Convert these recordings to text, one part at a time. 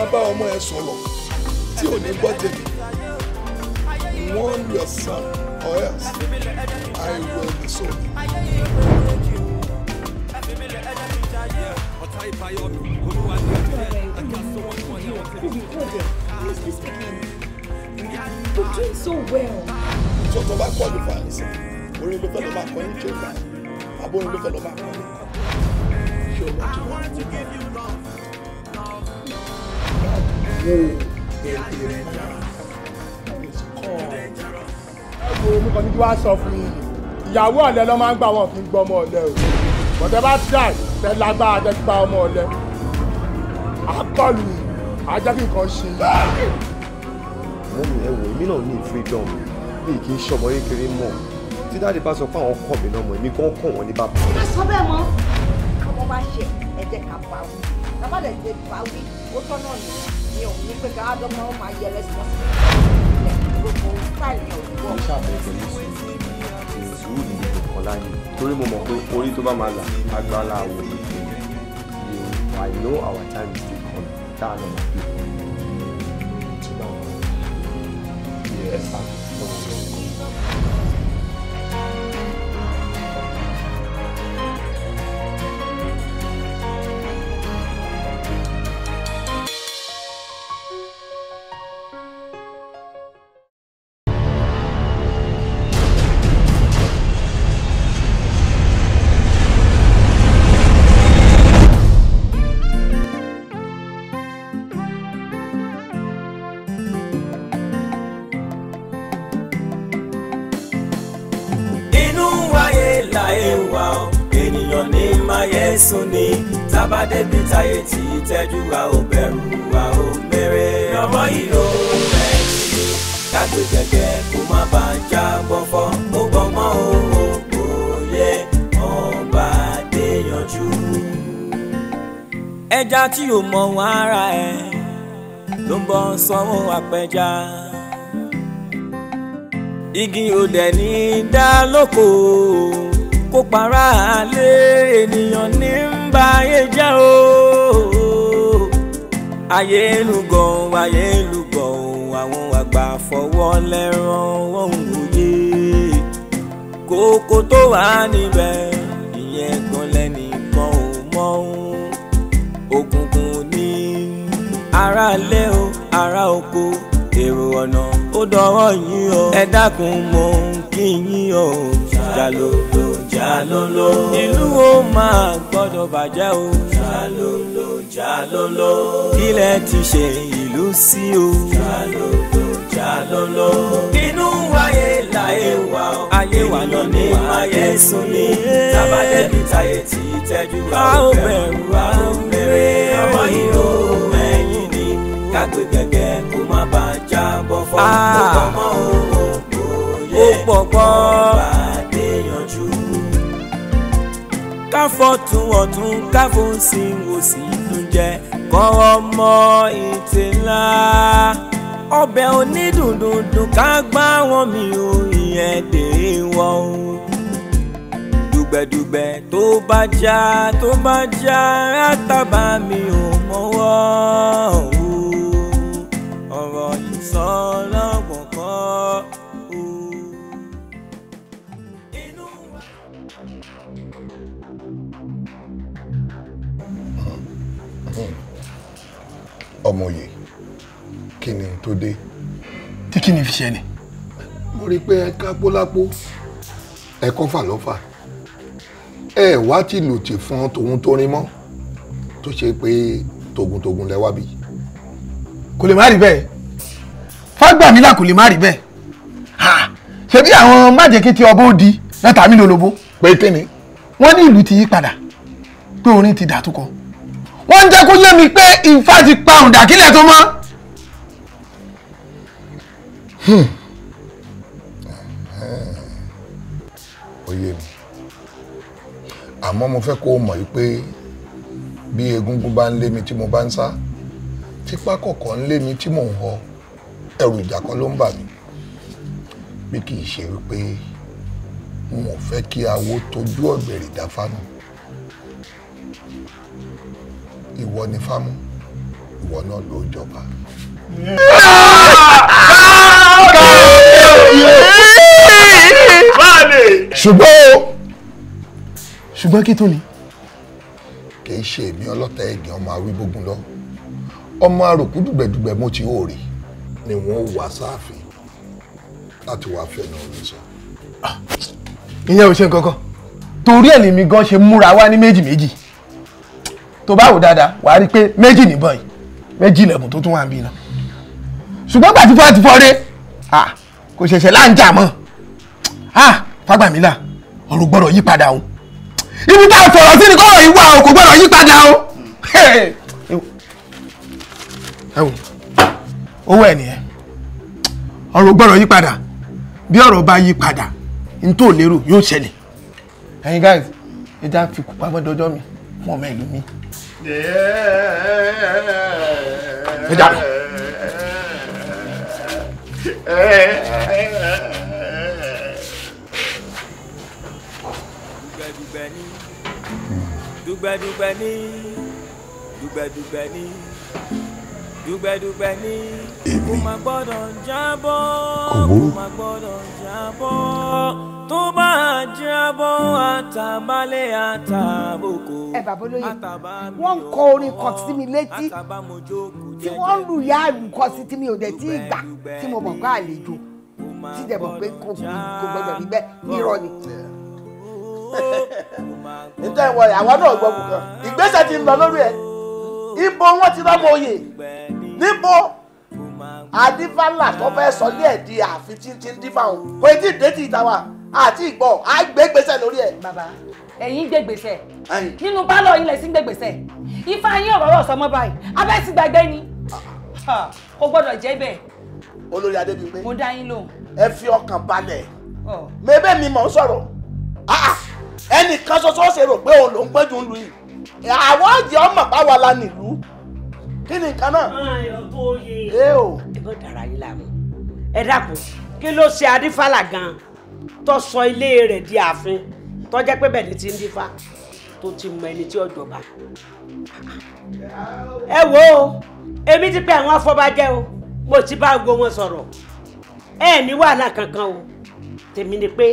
máa bá ọmọ ẹ sọ̀rọ̀ tí ò ní gbọ́ tèmi warn your son or else I will be so. Honestly speaking, you're doing so well. So to back qualify, you see, we're in the fellow back on each other. I'm going to the fellow back on. Sure, what you want èdè rẹ̀ mo kàn ní kí wàá sọ fún yín ìyàwó ọ̀lẹ ló máa ń gbà wọn fi ń gbọ́ ọmọ ọ̀lẹ o bọ̀dẹ̀ bá tíra tẹ lágbára tẹ gba ọmọ ọ̀lẹ akọlù ajákì kan ṣe. mọ́mí ẹ wò èmi náà ní freedom bí kì í ṣọmọ kékeré mọ̀ tí dáàdi bá sọ pé àwọn kọ̀ mí náà mọ̀ èmi gan kọ̀ wọ́n ní bàbá. ká sọ bẹ́ẹ̀ mọ́ ọmọ bá ṣe ẹ̀jẹ̀ ká bá wí bàbá rẹ̀ ṣe bá wí ó tọ́ náà nìyẹn mi ò ní pé ká dọ́gbọ́n ó máa mo ṣàbẹ̀ pé orí tó bá máa là agbára àwọ̀ ìpínlẹ̀ I know our time is still coming. That's our people. Yes, sir. Jésù ni tábàdébí táyé tí tẹ́jú wa ò bẹ̀rù wa ò mèrè ọmọ yìí rẹ̀ sí i kágbé kó má bà á já bọ́fọ́ ó gbọ́mọ́ o kò yẹ ọba adéyanjú. ẹja tí ò mọ̀ wọ́n ara ẹ̀ ló ń bọ́ sọ́wọ́ apẹja igi ò dẹ̀ ní dá lóko kó para lé ènìyàn ní ń ba ayé jẹ́ o. ayé lùgàn ayé lùgàn àwọn àgbà fọwọ́ lẹ́rán wọ́n ń wòye kókó tó wà níbẹ̀ ìyẹn gan lẹ́nìkan ò mọ̀ ohun òkùnkùn ní ara lé o ara oko èrò ọ̀nà ó dọ̀rọ̀ yín o ẹ dákun mọ́ kí yín o ṣàlòlò jalolo. ìlú ó máa gbọ́dọ̀ bàjẹ́ o. jalolo jalolo. ilẹ̀ ti ṣe ìlú sí o. jalolo jalolo. inú ayé láyé wa o. ayé wa lọ ní ayé sùn ní. tábàdẹ́bí táyé ti tẹ́jú. a ò bẹ̀rù a ò bèrè. àwọn ìlú ẹ̀yìn ni kágbé gẹ́gẹ́ kó má bàa jábọ́ fọ́. Ah. ó pọ̀ mọ́ òun ó pọ̀ pọ̀. káfọ́ tún ọ̀tún káfọ́ sí wò sí ìdúnjẹ kọ́ ọmọ ètè ńlá ọbẹ̀ onídùndùndùn ká gbá wọn mi ò ìyẹn dè wọ́ o dùgbẹ̀dùgbẹ̀ tó bá já tó bá já àtàbà mi ò mọ́wọ́ o ọ̀rọ̀ ìsọ̀lọ́wọ́. ọmọye kí ni tó dé. tí kí ni fi ṣe ni. mo rí i pé ẹ ká pólápó ẹ kọ́fà lọ́fà ẹ wá ti lùtì fún tòun tó rin mọ́ tó ṣe pé togun-togun lẹ wá bí. kò lè má rí bẹ́ẹ̀ fágbàmílà kò lè má rí bẹ́ẹ̀ ṣebí àwọn májèkété ọba ó di lẹ́tà mi lólobó. pé kí ni. wọ́n ní ìlú ti yí padà pé orin ti dàtú kan wọ́n ń jẹ́ kó yé mi pé Ifá ti pa òǹdà kílẹ̀ tó mọ́. Hmm. ó mi àmọ́ mo fẹ́ kó o mọ̀ pé bí egungun bá ń lé mi tí mo bá ń sá tipa kọ̀ọ̀kan ń lé mi tí mò ń họ ẹrù ìjà kan ló ń bà mí bí kì í ṣe wípé n ò fẹ́ kí awo tójú ọ̀gbẹ̀rì dáfánù. ìwọ ni fámú ìwọ náà ló jọba. ṣùgbọ́n o ṣùgbọ́n kí tó ni. kì í ṣe èmi ọlọ́tà ẹ̀gìn ọmọ awíbógun lọ ọmọ àròkú dùgbẹ̀dùgbẹ̀ mo ti hóore ni wọ́n wà sáàfin láti wàá fẹnu omi sọ. ìyẹn ò ṣe nǹkan kan torí ẹ̀ lèmi gan ṣe múra wá ní méjì méjì tó bá wò dáadáa wàá rí i pé méjì nìbọn yìí méjì ilẹ̀kùn tó tún wà ń bí iná ṣùgbọ́n gbà tí fọ́ ti fọ́re kò ṣẹ̀ṣẹ̀ láǹjà mọ́ fagbamila ọ̀rọ̀ gbọ́dọ̀ yí padà o ibi tá a sọ̀rọ̀ sí ni kọ́rọ̀ yìí wà o kò gbọ́dọ̀ yí padà o owó ẹ̀ nìyẹn ọ̀rọ̀ gbọ́dọ̀ yí padà bí ọ̀rọ̀ bá yí padà n tó lérò yóò ṣẹlẹ̀ ẹ̀yin guys ẹ já fi kópa mọ́ dọjọ́ mi fún ọmọ ìlú mi ẹ dànù. dùgbẹ̀dùgbẹ̀ ní dùgbẹ̀dùgbẹ̀ ní dùgbẹ̀dùgbẹ̀ ní dùgbẹ̀dùgbẹ̀ ní kò má gbọ́dọ̀ jábọ́ kò má gbọ́dọ̀ tó bá jábọ́ àtàbálẹ̀ àtàbòkò. ẹ bàbá olóye wọ́n ń kọ orin kan sí mi létí tí wọ́n ń lùyà àlùkọ sí tí mi ò dẹ̀ tí ì tí mo mọ̀ pé àlejò tí dẹ̀ mọ̀ pé kò gbọdọ̀ níbẹ̀ irọ́ ni nítorí ìwọ rẹ náà gbọ́ kankan ìgbésẹ̀ ti ń lọ lórí ẹ̀ ibo wọn ti rọ́mọ oyè níbo adífálà tó fẹ́ sọ ní ẹ̀dí àfi tí ń dífà òun kò tí ì dé ti ìta wa àti ìgbọ́ á gbé gbèsè lórí ẹ̀. bàbá ẹ̀yin gbé gbèsè nínú pálọ̀ ilẹ̀ sí gbé gbèsè ifá yín ọ̀rọ̀ ọ̀sán mọ́ báyìí abẹ́sí gbàgbé ni kò gbọ́dọ̀ jẹ́ bẹ́ẹ̀. olórí adébíyí pé mo dá yín lóhùn. ẹ fi ọkàn balẹ̀ mẹ́bẹ́ mi mọ̀ ń sọ̀rọ̀ ah, ah. ẹnìkan ṣoṣo ṣe rò pé òun ló ń gbẹ́jú ń lu yìí àwọn ọ̀jẹ̀ ọmọ báwa la nílùú kí ni nǹkan náà. ẹ o. ẹ bọ́ dara yín láàmú ẹ dákun kí ló ṣe adífàlà gan-an tó sọ ilé rẹ̀ di ààfin tó jẹ́ pé bẹ́ẹ̀ ni ti ń dífá tó ti mọ ẹni tí ó jọba. ẹ wo èmi ti pe àwọn afọbajẹ o mo ti bá gbogbo wọn sọ̀rọ̀ ẹ ní wàhálà kankan o tèmi ni pé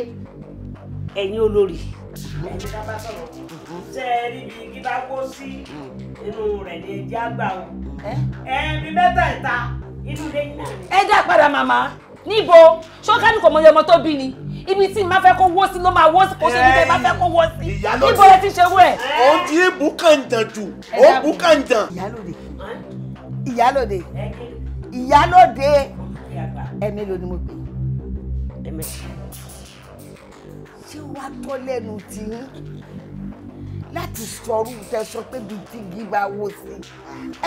ẹ̀yin olórí. ẹ̀yin ká bá sọ̀rọ̀ tẹ́ ẹ rí bí igi bá kó sí inú rẹ̀ ní ẹjẹ́ àgbà o ẹ̀ẹ́dì mẹ́tẹ̀ẹ̀ta inú lẹ́yìn náà. ẹ dá padà màmá níbo ṣọ́kánì kò mọ iye ọmọ tó bí ni ibi tí ma bá fẹ́ kó wó sí ló máa wó sí kó ṣe ibi tí n bá fẹ́ kó wó sí níbo ẹ ti ṣe wú ẹ. ti bù kàǹtàn jù òun bù kàǹtàn. ìyálòde ìyálòde ìyálòde ẹ̀mí ló ni mo pè é ṣé wàá tọ́ lẹ́nu tí láti sọrú tẹ sọ pé bíi tí gíga wó sí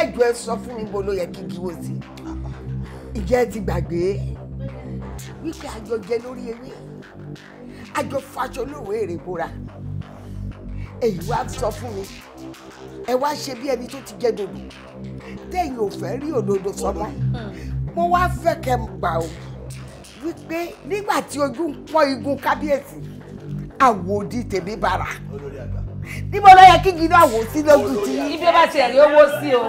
ẹjọ́ ẹ sọ fún mi bó ló yẹ kí gíwó sí ìjẹ́ ti gbàgbé wípé àjọjẹ lórí ewé àjọ fàṣọlówó èrè bora èyí wá sọ fún mi ẹ wá ṣe bí ẹni tó ti jẹ dòdò tẹ̀yin ò fẹ́ rí òdodo sọmọ mo wá fẹ́ kẹ́ ń gbà ó wípé nígbà tí ojú ń pọ́n igun kábíyèsí àwòdì tèmi bára níbo ló yẹ kí gidi àwò sí lójú tí. ibi ó bá tiẹ̀ rí owó sí o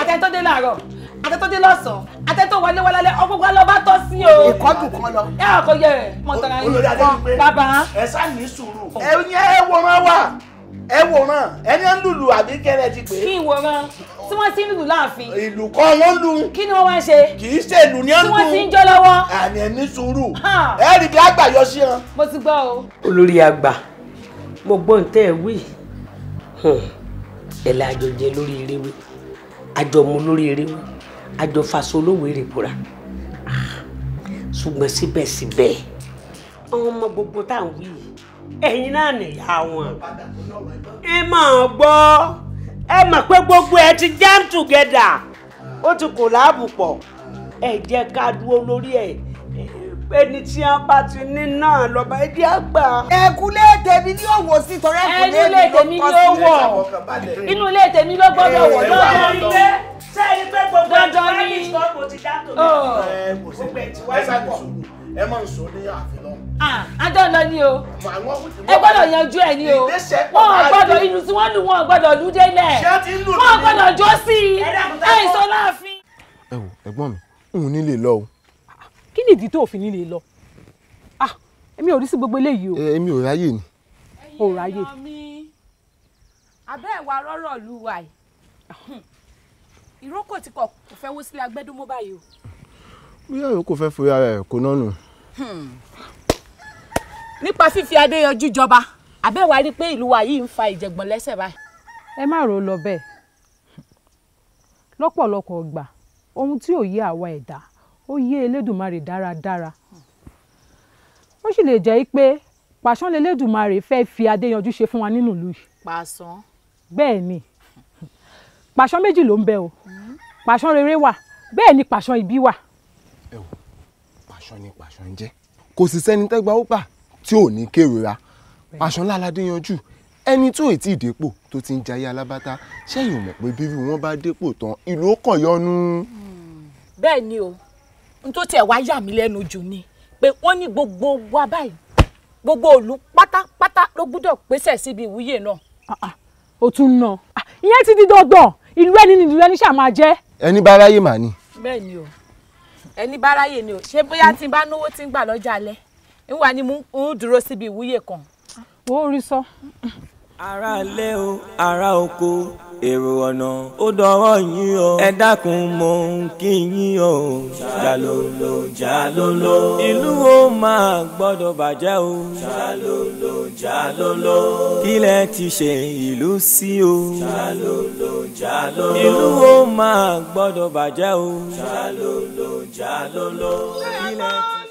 àtẹ̀tọ́dé làárọ̀ àtẹ́tọ́dé lọ́sàn-án àtẹ́tọ́ wọlé wọlé lẹ́ ọgbọ́gbọ́ lọ bá tọ́ sí o. ìkọ́dù kan lọ. ẹ àkọ yẹ ẹ mọ̀tàrà yìí kọ́ bàbá. ẹ sá ní sùúrù. ẹ yẹn ẹ wòran wà ẹ wòran ẹni ń lùlù àbí kẹrẹ ti pè é. kí n wòran tí wọ́n ti ń lùlù láàfin. ìlù kọ́ wọ́n lù. kí ni wọ́n wá ṣe. kì í ṣe ìlù ní ẹ̀ tí wọ́n ti ń jó lọ́wọ́. àní ẹ sùúrù. ẹ rí bí àgbà yọ sí wọn. mo ti gbọ́ o. olórí àgbà mo gbọ́ ntẹ́ ẹ wí ẹ̀ lájọ jẹ lórí eré wí àjọmọ lórí eré wí àjọfaṣọ olówèrè búra ṣùgbọ́n síbẹ̀síbẹ̀ àwọn ọmọ gbogbo tá à ń wí ẹ̀yin náà nìyá wọn ẹ máa gbọ́ ẹ mọ̀ pé gbogbo ẹ ti jam together ó ti kò láàbù pọ̀ ẹ jẹ́ ká dúró lórí ẹ̀ ẹni tí a bá ti ní náà lọ́ba ẹbí àgbà. ẹ̀kúlé tèmi ni yóò wò sí torí ẹ̀kúlé mi ló kọ́ sí inú ilé tèmi ló gbọ́dọ̀ wọ̀ lọ́wọ́ sẹ́yìn pé gbogbo ẹ̀jọ̀ ní ìṣòro ti dá tòun. ẹ kò sí pé tiwa ẹ sá kò ẹ máa ń sọ ní àfin náà àjọ lọ ni o ẹ gbọ́dọ̀ yanjú ẹ ni o wọn gbọ́dọ̀ inú tí wọn lù wọn gbọ́dọ̀ lù délẹ̀ wọn gbọ́dọ̀ jó sí i ẹ ìsọláàfin. ẹ wo ẹ̀gbọ́n mi n ò ní lè lọ o kí ni ìdí tó òfin nílé lọ ah èmi ò rí sí gbogbo eléyìí o. Eh, èmi ò ráyè ni. ò ráyè. abẹ́ ìwà rọ́rọ̀ lu wa yìí ìrókò tí kò fẹ́ wó sílé agbẹ́dúmó báyìí o. bóyá ìrókò fẹ́ forí ara ẹ̀ kó náà nù. Hmm. nípa fífi adéyanjú jọba abẹ́ wa rí pé ìlú wa yìí ń fa ìjẹ̀gbọ́n lẹ́sẹ̀ báyìí. ẹ má rò lọ bẹ́ẹ̀ lọ́pọ̀lọpọ̀ ọgbà ohun tí ò yé àwa ẹ̀dá ó yé elédùnmarè dáradára ó sì lè jẹ́ pé pàṣán lelédùnmarè fẹ́ fi adéyanjú ṣe fún wa nínú ìlú yìí. pàṣán. bẹ́ẹ̀ ni pàṣán méjì ló ń bẹ o pàṣán rere wà bẹ́ẹ̀ ni pàṣán ibi wà. ẹ wò pàṣán ni pàṣán jẹ́ kò sì sẹ́ni tẹ́gbà ó gbà tí ò ní kérora pàṣán lálàdé yanjú ẹni tó ì tí ì dépò tó ti ń jayé alábátá ṣẹ́yìn mọ̀ pé bí wọ́n bá dépò tán ìlú ó kàn yọnu. bẹ́ẹ̀ ni o n tó tiẹ̀ wá yà mí lẹ́nu jù ni pé wọ́n ní gbogbo wa báyìí gbogbo òlu pátápátá ló gbúdọ̀ pèsè síbi ìwúyè náà. Ah, ah, ó tún nà ah, ìyẹn ti di dandan ìlú ẹni ni ìlú ẹni ṣáà máa jẹ́. ẹni bá ráyè mà ni. bẹ́ẹ̀ ni o ẹni bá ráyè ni o ṣé bóyá tí n bá náwó tí ń gbà lọ́jà alẹ́ ń wà ní mú ń dúró síbi ìwúyè kan. wo orí sọ. ara lẹ́ o ara oko èrò ọ̀nà ó dọ̀rọ̀ yín o ẹ dákun mọ kí yín o. jalolo jalolo. ìlú o máa gbọ́dọ̀ bàjẹ́ o. jalolo jalolo. kílẹ̀ ti ṣe ìlú sí o. jalolo jalolo. ìlú o máa gbọ́dọ̀ bàjẹ́ o. jalolo jalolo. kílẹ̀ ti.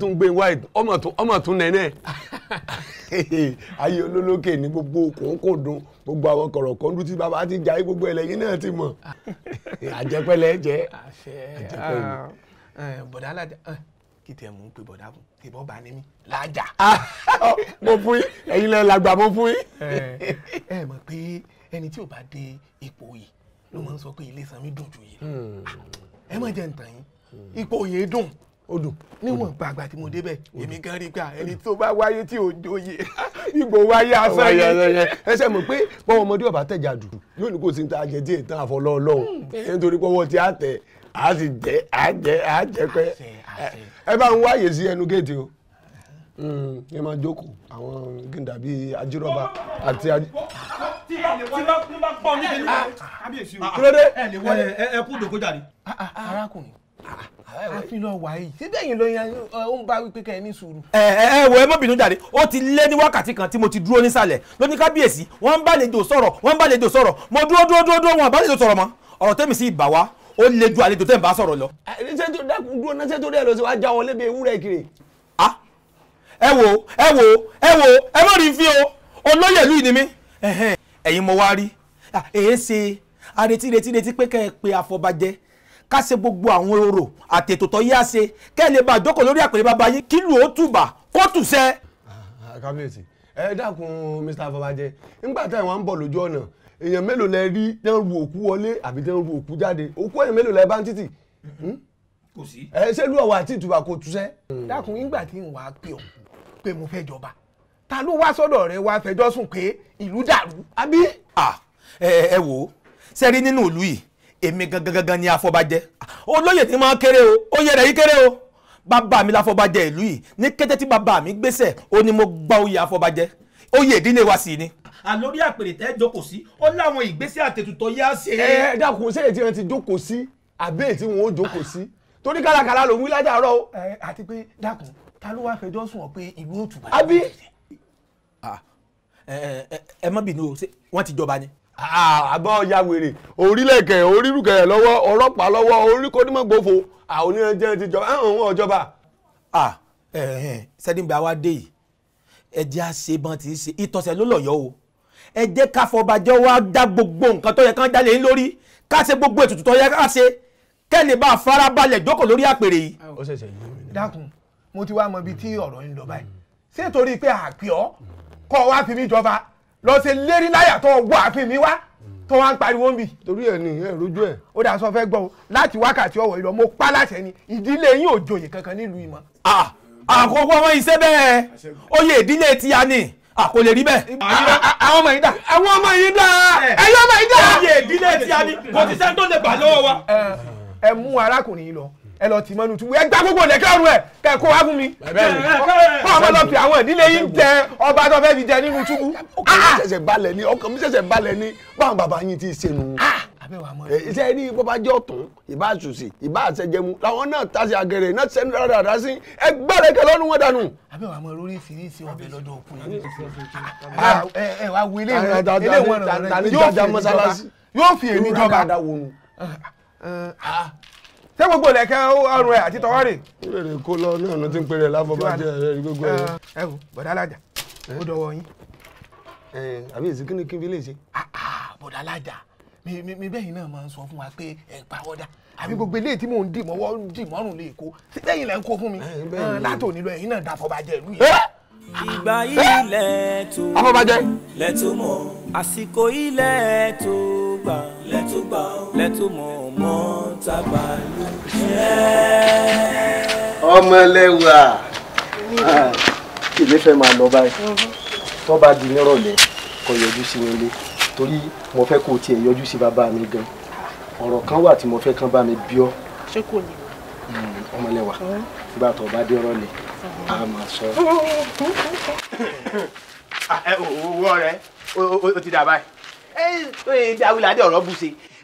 tún gbé wáìdì ọmọ tún nẹ́nẹ́ ayé olólókè ní gbogbo kòókòdùn gbogbo àwọn kọ̀rọ̀kọ́ndún tí bàbá ti jà gbogbo ẹlẹ́yìn náà ti mọ̀ àjẹpẹ́lẹ́ jẹ́ àjẹpẹ́lẹ́. Ah, eh, bọ̀dá alájà eh, kí tẹ mú pé bọ̀dá fún bá ní mí lájà. Ah, oh, mo fún yín ẹ̀yin lẹ́yìn làgbà mo fún yín. Eh, ẹ mọ̀ pé ẹni tí ò bá dé ipò yìí ló máa ń sọ pé ilé sanmi dùn jù yìí hmm. ah, ẹ má jẹ́ ntàn yín ipò yìí dùn odò níwọ̀n gbàgbà tí mo débẹ̀ èmi gan rí gbà ẹni tó bá wáyé tí òjò yẹ gbogbo wáyé asán yẹ ẹsẹ̀ mọ̀ pé bọ́wọ́ ọmọdé ọ̀bá tẹ̀jà dùn yóò ní kò sí ní ta jẹ díẹ̀ tán àfọlọ́ ọlọ́run hmm, nítorí pọ́wọ́ tí a tẹ̀ a sì jẹ́ a jẹ́ a jẹ́ pé ẹ bá ń wáyé sí ẹnu géètì o hmm, ẹ máa jókòó àwọn gíńdà bíi ajírọ́ba àti tí bá pọ̀ níbi ní kábíyèsí o kí ẹ kú dòkó jáde. Ah, ah, ah. arákùnrin àfihàn wà yìí síbẹ̀ yìí ló yan ó ń bá wípé kẹ́ ẹ ní sùúrù. ẹ ẹ wọ ẹ má bínú jáde ó ti lé ní wákàtí kan tí mo ti dúró nísàlẹ̀ lóní kábíyèsí wọ́n ń bàlejò sọ̀rọ̀ wọ́n ń bàlejò sọ̀rọ̀ mo dúró dúró dúró dúró wọn àbálejò sọ̀rọ̀ mọ́ ọ̀rọ̀ tẹ́mi sí ìbà wa ó lé ju àlejò tẹ́ bá sọ̀rọ̀ lọ. dúró náà sẹ́tò rẹ̀ lọ sí wàá já wọn lébi ewúrẹ́ kiri. ẹ wo ẹ wo ẹ wo ẹ má rí fi o olóyè ìlú ni mí ká ṣe gbogbo àwọn orò àtètò tó yá se kẹ́ lè bá jókòó lórí àpèrè bàbá yín kí lù ó tùbà kó tù sẹ́. Ah, kábíyèsí ẹ dákun mr afọbajẹ nígbà táwọn wá ń bọ̀ lójú ọ̀nà èèyàn mélòó lẹ rí tẹ́ ń ru òkú wọlé àbí tẹ́ ń ru òkú jáde òkú èèyàn mélòó lẹ bá ń títì. Hmm? kò sí. ẹ ṣé lù ọ̀wà àti ìtùbà kò tù sẹ́. Hmm. dákun nígbà tí n wàá pè ọ́ pé mo fẹ́ jọba ta ló wá sọ́dọ̀ rẹ wá fẹjọ́ sùn pé ìlú dàrú. àbí. ẹ wò ó ṣe nínú ìlú yìí èmi gangan gangan ni afọbajẹ olóyè tí máa kéré o oyè rẹ̀ yìí kéré o bàbá mi láfọbajẹ ìlú yìí ní kété tí bàbá mi gbéṣẹ ó ní mo gba oyè afọbajẹ oyè ìdílé wa sì ni. àlórí àpèrè tẹ́ jókòó sí ó láwọn ìgbésẹ̀ àtètùtọ̀ yá ṣe. ẹ ẹ dákun ṣé èyí tí wọn ti jókòó sí àbí èyí tí wọn ò jókòó sí torí kárakára lòún wí ládàárọ̀ o. ẹ àti pé dákun ta ló wáá fẹjọ́ sùn ọ pé ìlú òtù. àbí ẹ ẹ ẹ má bínú wọn ti jọba ni àbọ̀ ọ̀yà wèrè orílẹ̀kẹ̀ orírùkẹ̀ lọ́wọ́ ọlọ́pàá lọ́wọ́ oríkónímọ̀gbòfò àoníyanjẹ́ ti jọba ẹ̀hún wọn jọba. sẹ́ni bí a wá dé yìí ẹ jẹ́ àṣebọn tí í ṣe ìtọ̀sẹ̀ ló lọ̀yọ́ o ẹ jẹ́ káfọbàjẹ́ wa dá gbogbo nǹkan tó yẹ kán dálé yín lórí ká ṣe gbogbo ètùtù tó yẹ ká ṣe kẹ́lẹ̀ bá farabalẹ̀ jókòó lórí àpèrè yìí. ó ṣẹ̀ṣẹ̀ yìí. dákun mo ti wá mọ ibi tí ọ̀rọ̀ ń lọ lọ se lérí láyà tó wọ ààfin mi wá tó wá ń pariwo ń bì. torí ẹ ní ẹ rojú ẹ. ó dà sọ fẹ́ gbọ́ láti wákàtí ọ̀wọ̀ ìlọ mo pa láṣẹ ni ìdílé yín ò joyè kankan nílùú ìmọ̀. àkókò ọmọ iṣẹ́ bẹ́ẹ̀ oyè ìdílé ti ya ni kò lè rí bẹ́ẹ̀. àwọn ọmọ yìí dà. àwọn ọmọ yìí dà. ẹ̀yin ọmọ yìí dà. oyè ìdílé ti ya ni kò ti sẹ́ni tó lè gbà lọ́wọ́ wa. ẹ mú arákùnrin yìí lọ ẹ lọ tì mọ́nú túbú ẹ gbá gbogbo ìdẹ́kẹ́ ọ̀run ẹ̀ kẹ́ kó wá fún mi. kọ́ ọmọ lọ fi àwọn ìdílé yìí ń jẹ ọba tó fẹ́ fi jẹ nínú túbú. ọkàn mi ṣẹ̀ṣẹ̀ balẹ̀ ni ọkàn mi ṣẹ̀ṣẹ̀ balẹ̀ ni báwọn bàbá yín ti ṣe nù. iṣẹ́ ẹni bọ́bá jẹ́ ìbá àṣùṣì ìbá àṣẹjẹmu làwọn náà tàṣe àgẹ̀rẹ̀ náà ṣẹ́ni dáradára sí ẹ gbẹ́rẹ̀ kẹ lọ́nu wọn dànù. àbẹ̀wò àmọ́ orí fi ṣé gbogbo ìlẹ̀kẹ̀ ọrùn ẹ̀ àti tọwọ́ rẹ̀. ó lè rè kó lọ ní ọ̀nà tí ń pèrè láfọ̀bàjẹ́ rẹ̀ rí gbogbo ẹ̀. ẹ wò bọ̀dá alájà ó dọwọ́ yín. àbí èsì kí ni kí n fi lè ṣe. Ah, ah, bọ̀dá alájà mi bẹ́yìn náà máa ń sọ fún wa pé ẹ pa ọ́dà àbí gbogbo eléyìí tí mò ń dì mọ́wọ́ dì mọ́rùn lè kó bẹ́yìn lẹ́ ń kó fún mi ah, látòní lọ ẹ̀yin náà dáfọ́ bàjẹ́ ìlú yìí ìgbà ilẹ̀ tó afọbajẹ lẹ́tò mọ̀ àsìkò ilẹ̀ tó gbà lẹ́tò gbà lẹ́tò mọ̀ mọ́ tábà ló jẹ́. ọmọ ẹlẹ́wà èmi ah, fẹ́ máa lọ báyìí tó bá di nírọ̀lẹ́ kó yọjú sí wọn torí mo fẹ́ kó tiẹ̀ yọjú sí bàbá mi gan ọ̀rọ̀ kan wà tí mo fẹ́ kán bá mi bí ọ́. ṣé kò ní. Hmm, ọmọ ẹlẹ́wà nígbà hmm. tó bá dé ọ̀rọ̀ lè a máa sọ. owó ọ̀rẹ́ o ti dà báyìí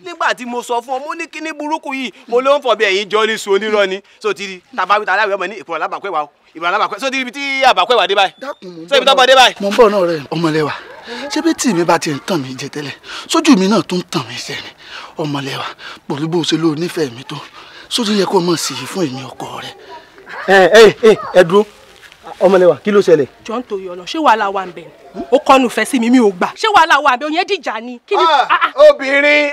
nígbà tí mo sọ fún ọ mo ní kíní burúkú yìí mo ló ń fọ bí ẹ̀yin jọ ní su onírọ́ ni so ti ri tàbá wíta aláwẹ̀ ọmọ ní ìpínlẹ̀ alábàápẹ́ wa o ìpínlẹ̀ alábàápẹ́ so ti ri ibi tí àbápẹ́ wa dé báyìí so ibi tó bọ́ dé báyìí. mo ń bọ̀ náà rẹ ọmọlẹ́wà ṣé bí tí mi bá ti ń tàn mí jẹ tẹ́lẹ̀ sójú mi náà tún tàn mí jẹ ni ọmọlẹ́wà pẹ̀lú bó ṣe ló nífẹ̀ẹ́ mi tó sójú yẹ kó mọ̀ sí i fún èmi ọkọ rẹ ọmọlẹ́wà kí ló ṣẹlẹ̀. jọ ń torí ọlọ ṣé wàhálà wà ń bẹ ó kọnu fẹ sí mi mi ò gbà ṣé wàhálà wà ń bẹ òyìn dìjà ni. Ah, ah, ah. obìnrin ẹ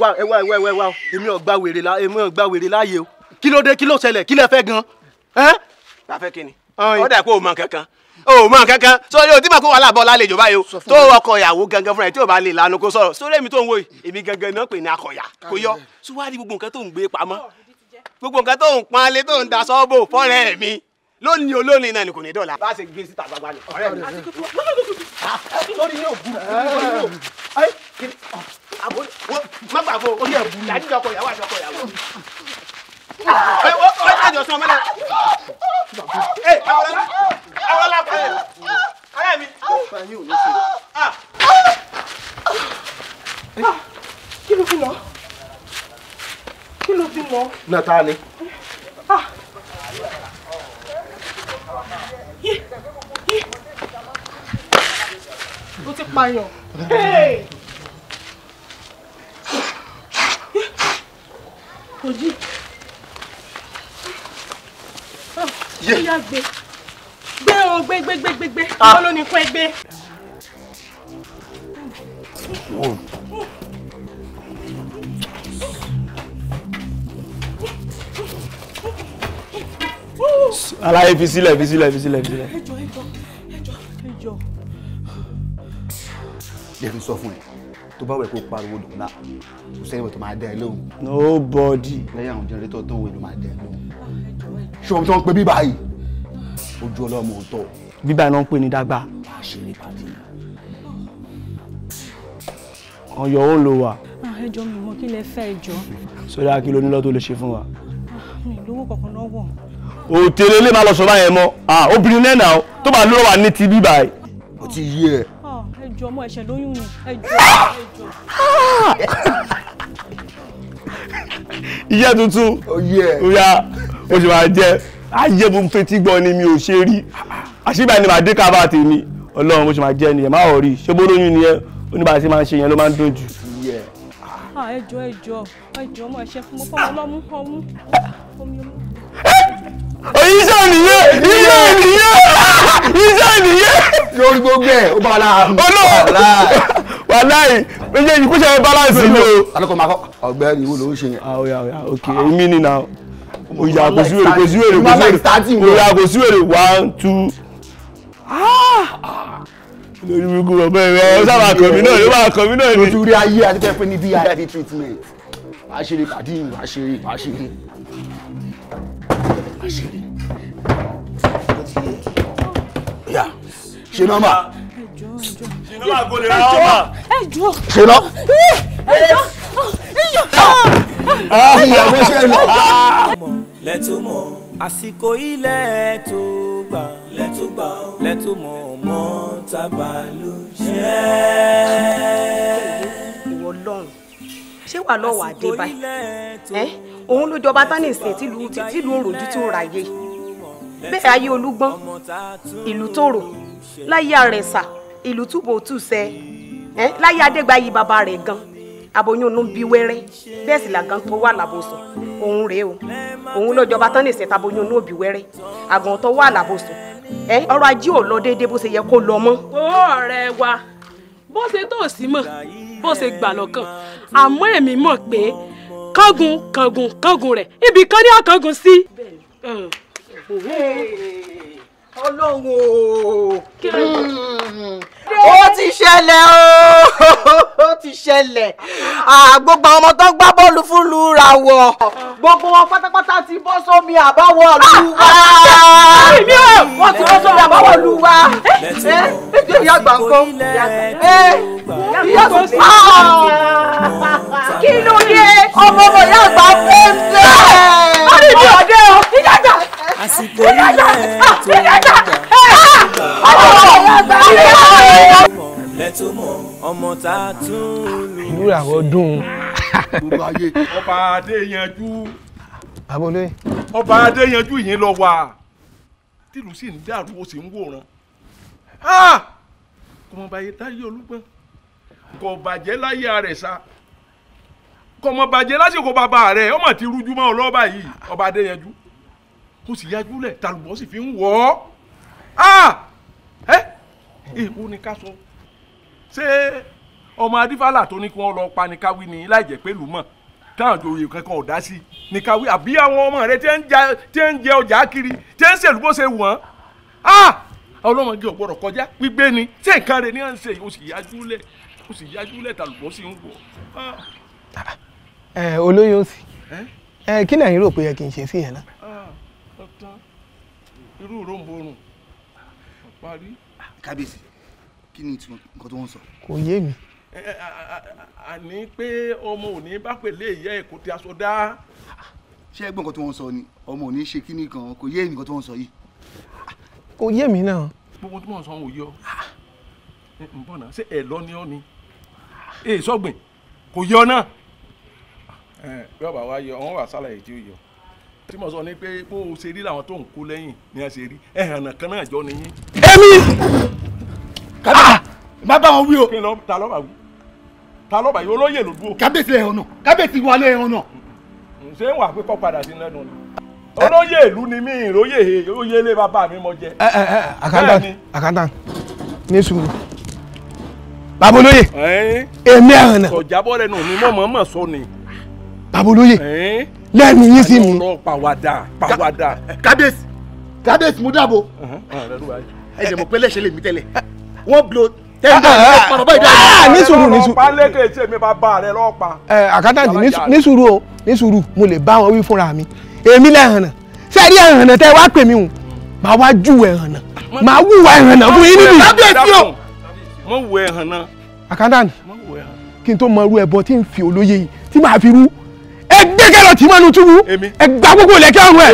wá ẹ wá ẹ wá ẹ wá èmi ò gba wèrè láàyè èmi ò gba wèrè láàyè o kí ló dé kí ló ṣẹlẹ̀ kí lẹ fẹ́ gan. bá a fẹ́ kí ni ó dà pé o mọ kankan o mọ kankan sórí o tí ma kó wàhálà bọ́ lálejò báyìí o tó ọkọ ìyàwó gangan fúnra ẹ tí o bá lè lanu kó sọ̀rọ̀ sórí èmi tó ń wo yìí èmi gangan náà pè ní akọ̀yà kò yọ sùwárí gbogbo nǹkan tó ń gbé pamọ́ gbogbo nǹkan tó ń panlé tó ń daṣọ́ bò fọ́rẹ́ mi lónìí olónìí náà ni kò ní dọ̀la. bá a ṣe gbé síta gbagba ni. ọ̀rẹ́ mi àti tuntun mọ́tò tuntun. lórí yóò bu ah, àbò má gbà fún o dájú ọkọ ìyàwó àti ọkọ ìyàwó. ẹ wọ́n ẹ jọ sọ ọmọdé. ẹ awọlọlá awọlọlá fẹlẹ ọ̀rẹ́ mi. Ah. kí ló fi lọ kí ló fi lọ. nata ni. Ah ó ti pààyàn. kò ó yá gbé gbé o gbé gbé gbé gbé gbé ah. ló ní kún ẹ aláyé fi sílẹ̀ fi sílẹ̀ fi sílẹ̀ fi sílẹ̀. ẹjọ fi sọ fún ẹ tó bá wẹ̀ kó pariwo dùn náà kò sẹ́yìn tó máa dẹ́ ẹ lóhùn. nobody. lẹ́yìn àwọn jẹnrétọ̀ tó wẹ̀ ló máa dẹ́ ẹ lóhùn. ṣùgbọ́n tí wọ́n ń pe bíbá yìí ojú ọlọ́mọ òótọ́. bíbá iná ń pè ní dágbà. ọyọ ó lo wa. ẹjọ mi mọ kí lẹ fẹ́ ẹjọ. sọdá kí ló ní lọ́tò lè ṣe fún wa. Ah, mi ìlówó kankan lọ́wọ́ òtẹ̀lẹ̀ lè máa lọ sọ báyẹn mọ́ obìnrin náà náà tó bá lọ́wọ́ wa ní ti bíbá ẹ̀. o ti yí ẹ. ẹ jọ̀ọ́ ọmọ ẹ̀ṣẹ̀ lóyún ni ẹ jọ̀ọ́. iṣẹ́ tuntun oya o ṣe máa jẹ ayé mo fetí gbọ́ ni mi ò ṣe rí àṣìbà ni màá dé kábà tèmi ọlọ́run mo ṣe máa jẹ nìyẹn máa ò rí ṣé bó lóyún ni ẹ oníbàárà ṣe máa ń ṣe yẹn ló máa ń dùn jù. ẹjọ ẹjọ ẹjọ ọmọ ẹ̀ṣẹ̀ fún mo fọmọ ọlọmú ọmú omi ọmú oníṣẹ́ nìyẹn iṣẹ́ nìyẹn iṣẹ́ nìyẹn. lórí gbogbo ẹ ó bá wa lára. ọlọ́wọ́ wàláì méjèèjì kúṣẹ́ ẹ balance ni o. alukó máa kọ́ ọ̀gbẹ́ni wo ló ń ṣe yẹn. àwòyà àwòyà ok èmi ah, ni na oya kò sí wèrè kò sí wèrè kò sí wèrè oya kò sí wèrè one two ah! lórí gbogbo ọmọ ẹ ọ sábà kàn mí náà ló máa kàn mí náà ni. lójú rí ayé àti pẹ́ pé ní bí i treatment wàá ṣeré pàdé ìwà ṣeré wàá ṣeré àṣírí. yà ṣe nọ́mbà. ṣe nọ́mbà kò lè ra ọmọ. ẹ jọ ṣe lọ. ẹ jọ ah, ah, ìyàwó ṣe lọ. Ah. lẹ́tùmọ̀ àsìkò ilẹ̀ tó gbà lẹ́tùgbà lẹ́tùmọ̀ mọ́ tábàlù jẹ́. ìwọ lọ́run ṣé wàá lọ òun ló jọba tán nìsín tìlú tìlú òròjú tí ó ráyè bẹ́ẹ̀ ayé olúgbọ́n ìlú tòrò láyé àrẹ̀sà ìlú túbọ̀ òtúsẹ láyé adégbáyé bàbá rẹ̀ gan aboyún inú bí wẹ́rẹ́ bẹ́ẹ̀ sì làgán tó wà lábòsùn òun rèé o òun ló jọba tán nìsín taboyún inú òbí wẹ́rẹ́ àgàn tó wà lábòsùn ọrọ̀ ajé ò lọ déédéé bó ṣe yẹ kó lọ mọ́. ó ọ̀rẹ́ wa bó ṣe tó sí mọ̀ bó ṣe gbà lọ́kàn àmọ́ èmi mọ̀ pé kángun kángun kángun rẹ̀ ibì kan ní àkángun sí. ọlọ́run o ó ti ṣẹlẹ̀ o ó ti ṣẹlẹ̀ gbogbo àwọn ọmọ tó ń gbá bọ́ọ̀lù fún lùràwọ̀ gbogbo wọn pátápátá ti bọ́ sómi àbáwọ̀lù wa wọ́n ti bọ́ sómi àbáwọ̀lù wa ẹ̀ẹ́dẹ́gbẹ̀rún yàgbà ńkọ́ yàgbà kí ló dé ọmọ ọmọ ìyá àgbà fẹ́ẹ́ wọ́n ní ìlú ọ̀dẹ́ o ìdájà ìdájà ìdájà ọmọ ọmọ ìyá àgbà ọmọ tá a tún lù. ìwúrà ọdún. ọba adéyanjú. abọ́lé. ọba adéyanjú yìí lọ wà tìlú sì ń dàrú ó sì ń wòran ah! kọmọba yìí táyé olúgbọ́n kò bàjẹ́ láyé rẹ̀ sa kọmọ bàjẹ́ lásìkò bàbá rẹ̀ ọmọ ti rújú mọ́ ọlọ́ba yìí ọba adéyanjú kò sì yájú lẹ̀ tàlùbọ́ sì fi ń wọ̀ ọ́ ẹ èwo ni ká sọ ṣé ọmọ adífàlà tó ní kí wọ́n lọ pa ni káwí ni láì jẹ́ pé lù mọ̀ táwọn òjòyè kankan ò dá sí ni káwí àbí àwọn ọmọ rẹ̀ tí ń jẹ ọjà kiri tí ń ṣèlú bó ṣe wọ̀n ọlọ́mọge ọ̀gbọ́dọ̀ kọjá gbígbé ni ṣé nǹkan rẹ̀ ní à ń ṣe o sì yájú lẹ̀ o sì yájú lẹ̀ tàlùbọ́ sì ń wọ̀ ọ́. Eh, olóyè òsì eh? eh, kí lẹ́yìn rò pé ẹ kì í ṣe sí yẹn náà. Ah, irú ròǹbòrùn parí. kábíyèsí kí ni ìtumọ̀ nǹkan tó wọ́n sọ. kò yé mi. àní pé ọmọ òní bá pèlè ìyá ẹ̀ kò ti aṣọ dá. ṣé ẹ nǹkan tó wọ́n sọ ni ọmọ òní ṣe kíní kan kò yé nǹkan tó wọ́n sọ yìí. kò yé mi náà. gbogbo tí mò ń sọ òye ọ n ṣé ẹ̀ lọ ni ọ ni èè sọ́gbìn kò yọ náà bí ọba wa yọ wọn wà sálàyé tí ó yọ tí mo sọ ni pé bó o ṣe rí làwọn tó ń kó lẹ́yìn ni a ṣe rí ẹ̀hànà kan náà jọ nìyí. èmi ah! má bá wọn wí o. kí ló ta lọ́ba wí ta lọ́ba yìí olóyè ló dúró. kábíyèsí ẹ̀ ọ̀nà kábíyèsí wà lẹ́ ọ̀nà. ṣé wàá pé kọ́ padà sí lẹ́nu ni olóyè ìlú ni mí ìróyè oyè ilé bàbá mi mo jẹ. ẹ ẹ ẹ àkàndá àkàndá ní sùúrù babolóye èmi ẹ̀hànà. sọ̀jábọ̀ rẹ̀ nù ni mọ̀mọ́ mọ̀ sọ ni bàbá olóyè eh? lẹ́nu yín sí mi. pàwádà pàwádà. kábíyèsí kábíyèsí mú dáàbò ah, ẹ jẹ́ mọ̀ pé lẹ́sẹ̀ lè mí tẹ́lẹ̀ wọ́n blow ah, ah, ní sùúrù ní sùúrù. pálẹ́kẹ̀ tí èmi bá bá rẹ lọ́pàá. ẹ eh, àkátàntì ní sùúrù o ní sùúrù mo lè bá wọn wí fúnra mi èmi lẹ́hànà sẹ́ẹ̀rí ẹ̀hànà tẹ́ wá pè mí hùn màá wá jù ẹ̀hànà màá wùwà ẹ̀hànà fún yín níbi. kábíyèsí o. mo wù ẹ̀hànà. àkátàntì kí n tó mọ irú ẹbọ tí n fi olóye yìí tí màá fi rú gbé kẹrọtì mọ́nu túbú ẹ gbogbo ilẹ̀ kẹrù ẹ.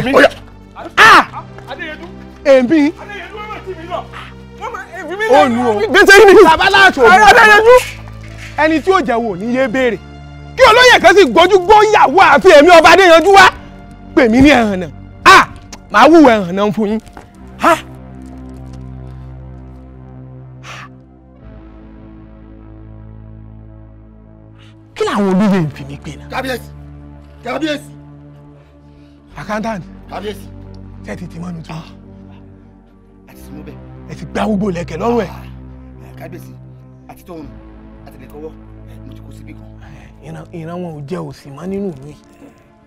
èmi ònu ah! o gbèsè yìí ni babaláàtò adéyẹjú ẹni tí ó jẹ́wọ́ ní yé béèrè kí olóyè kan sì gbójú gbóyàwó àfi èmi ọba adéyẹjú wá pè mí ní ẹ̀hànnà a máa wù ẹ̀hànnà fún yín. kí làwọn olóyè ń fi mí gbé náà. kábíyèsí kábíyèsí. accountant. kábíyèsí. ṣé ẹ ti tì mọ́ nu tún. Ah. a ti sinú bẹ́ẹ̀. ẹ ti gbá gbogbo lẹ̀kẹ̀ lọ́rùn ẹ̀. Ah. Eh, kábíyèsí àti tọ́hún àtẹlẹkọwọ́ eh, mo ti kó síbí kan. Eh, ìran wọn ò jẹ́ òsì mọ́ nínú ìlú yìí.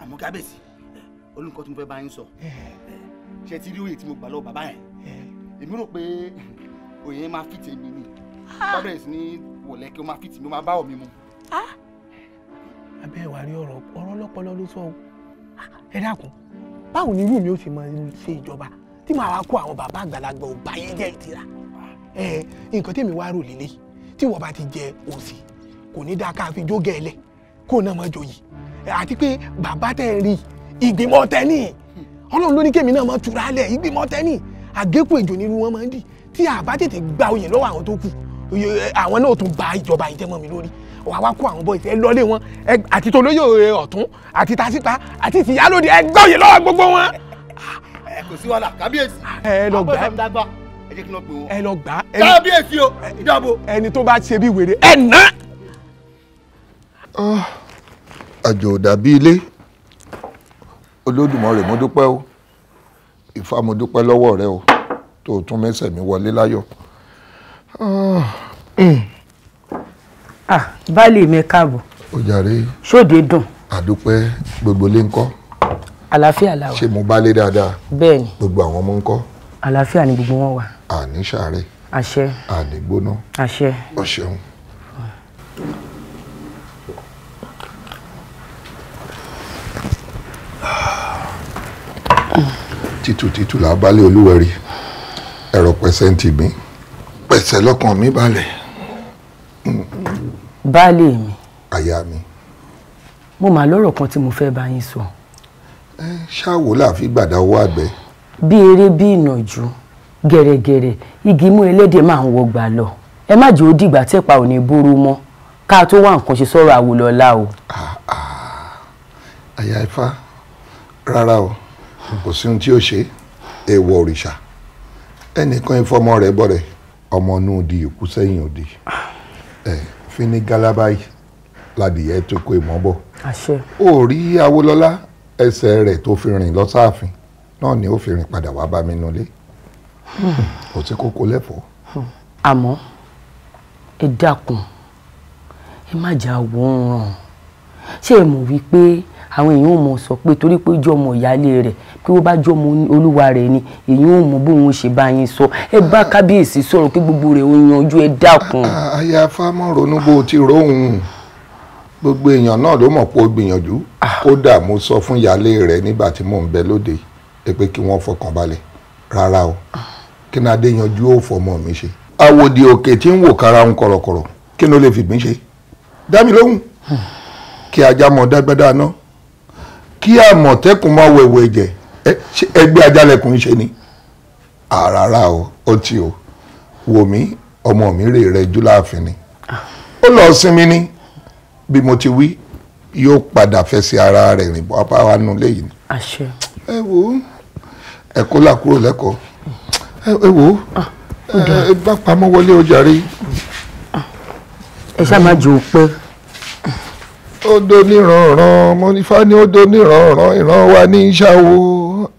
àmọ́ kábíyèsí olùkọ́ tí mo fẹ́ bá yín sọ ṣe ti rí òye tí mo gbà lọ bàbá yẹn èmi rò pé òye máa fìtì mi ni bá bẹ̀rẹ̀ sí ní wọ̀lẹ́ kí ó máa fìtì mi ó máa bá ọ̀ mi mu. Ah abẹ́ ìwà rí ọ̀rọ̀ ọ̀rọ̀ ọlọ́pọlọ ló sọ ọ́ ẹ dákun báwo ni irú mi ó sì máa ṣe ìjọba tí màá wá kó àwọn bàbá àgbàlagbà ò bá yé jẹ́ ìtira ẹ nǹkan tèmi wá rò lélẹ̀ tí wọ́n bá ti jẹ òsì kò ní dáa ká fi jógẹ̀ ẹlẹ̀ kó náà mọ́ joyè àti pé bàbá tẹ̀ ń rí ìgbìmọ̀ tẹ́nì ọlọ́run ló ní kémi náà mọ́ tura lẹ̀ ìgbìmọ̀ tẹ́nì àgékù ìjò nínú wọn máa ń dì tí àbá tètè gba oyè lọ́wọ́ àwọn tó kù àwọn náà tún ba ìjọba yìí jẹ́ mi lórí wà wá kó àwọn bọ́ìsì ẹ lọ́lé wọn àti tolóyè ọ̀tún àti tasíta àti tìyálòdì ẹ gbọ́yè lọ́wọ́ gbogbo wọn. ẹ kò sí wàhálà kábíyèsí àgbọ̀dọ̀ mi dágbà ẹ jẹ́ kí n lọ pè wọ́n. ẹ lọ gbà á. kábíyèsí o ìjọba. ẹni tó bá ṣe bí wèrè ẹ ná. Ah, àjò dàbí ilé Olódùmarè mo dúpẹ́ o Ifá mo dúpẹ́ lọ́wọ́ rẹ o tó tún mẹ́sẹ̀ mi wọlé láyọ̀. Ah, ah baálé mi káàbọ̀. ó jàre. sóde dùn. àdúpẹ́ gbogbo lé ńkọ́. àlàáfíà la wà. ṣé mo bá lé dáadáa. bẹ́ẹ̀ni. gbogbo àwọn ọmọ ńkọ́. àlàáfíà ni gbogbo wọn wà. àní sàárẹ̀. àṣẹ. àní gbóná. àṣẹ. o ṣeun. títù títù làá balẹ̀ olúwẹ̀rí ẹ̀rọ pẹ̀sẹ̀ ń tì mí pẹ̀sẹ̀ lọ́kàn mi balẹ̀ baálé mi. àyà mi. mo mà lọ́rọ̀ kan tí mo fẹ́ bá yín sọ. ẹ ṣáàwó láàfin gbàdá owó àgbẹ̀. bí eré bí ìnàjú gẹ̀rẹ̀gẹ̀rẹ̀ igi mú ẹlẹ́dẹ̀ máa ń wọgbà lọ ẹ má jẹ́ ó dìgbà tẹ́pa ò ní bóró mọ́ ká tó wá nǹkan ṣe sọ́rọ̀ àwòlọ́lá o. àyà ifá rárá o kò sí ohun tí ó ṣe èèwọ̀ òrìṣà ẹnìkan ìfọmọ rẹ̀ bọ̀rẹ̀ ọmọ inú di ìkú sẹ́yìn òde ẹ fini galabai ladìyẹ tó kó ìmọ̀ bọ̀ ó rí Awólọ́lá ẹsẹ̀ rẹ̀ tó fi rìn lọ sáàfin náà ni ó fi rìn padà wá bá mi nulẹ̀ kò sí kókó lẹ́fọ̀ọ́. àmọ́ ẹ dákun ẹ má jà wọ́n ràn ṣé ẹ mọ̀ wípé àwọn èèyàn ò mọ̀ sọ pé torí pé jọ ọmọ ìyáálé rẹ̀ pé ó bá jọ ọmọ olúwa rẹ̀ ni èèyàn ò mọ̀ bóun ṣe bá yín sọ ẹ bá kábíyèsí sọ̀rọ̀ pé gbogbo rẹ̀ ò yanjú ẹ dákun. àyàfá ah, mọ̀ ronú bó ti róhùn gbogbo èèyàn náà ló mọ̀ pé ó gbìyànjú ah. kódà mo sọ fún ìyáálé rẹ̀ nígbà tí mò ń bẹ lóde pé kí wọ́n fọkàn balẹ̀ rárá o kí ni adéyanjú ò fọmọ mi ṣe àwòdì òkè tí ń wò kára ń kọ̀rọ̀kọ̀rọ̀ kí ni ó lè fìgbín ṣe dá mi lóhùn hmm. kí ajá mọ dágbádá náà kí àmọ̀tẹ́kùn máa wẹ̀wẹ̀ ẹ̀jẹ̀ ẹgbẹ́ ajálẹ̀kùn ṣe ni àràrà o ó ti o wò mí ọmọ mi rè rẹ jù láàfin ni ó lọ sinmi ní bí mo ti wí yóò padà fẹsẹ̀ ara rẹ̀ rìn bọ́ apá wa nulẹ̀ yìí ni ẹ wo ẹ̀kọ́ là kúrò lẹ́kọ̀ọ́ ẹ wo ẹ bá pamọ́ wọlé ọjà rí. ẹ ṣáà má jò ó pẹ́ ó dóní rànràn mo ní fani ó dóní rànràn ìran wa ní ṣàwo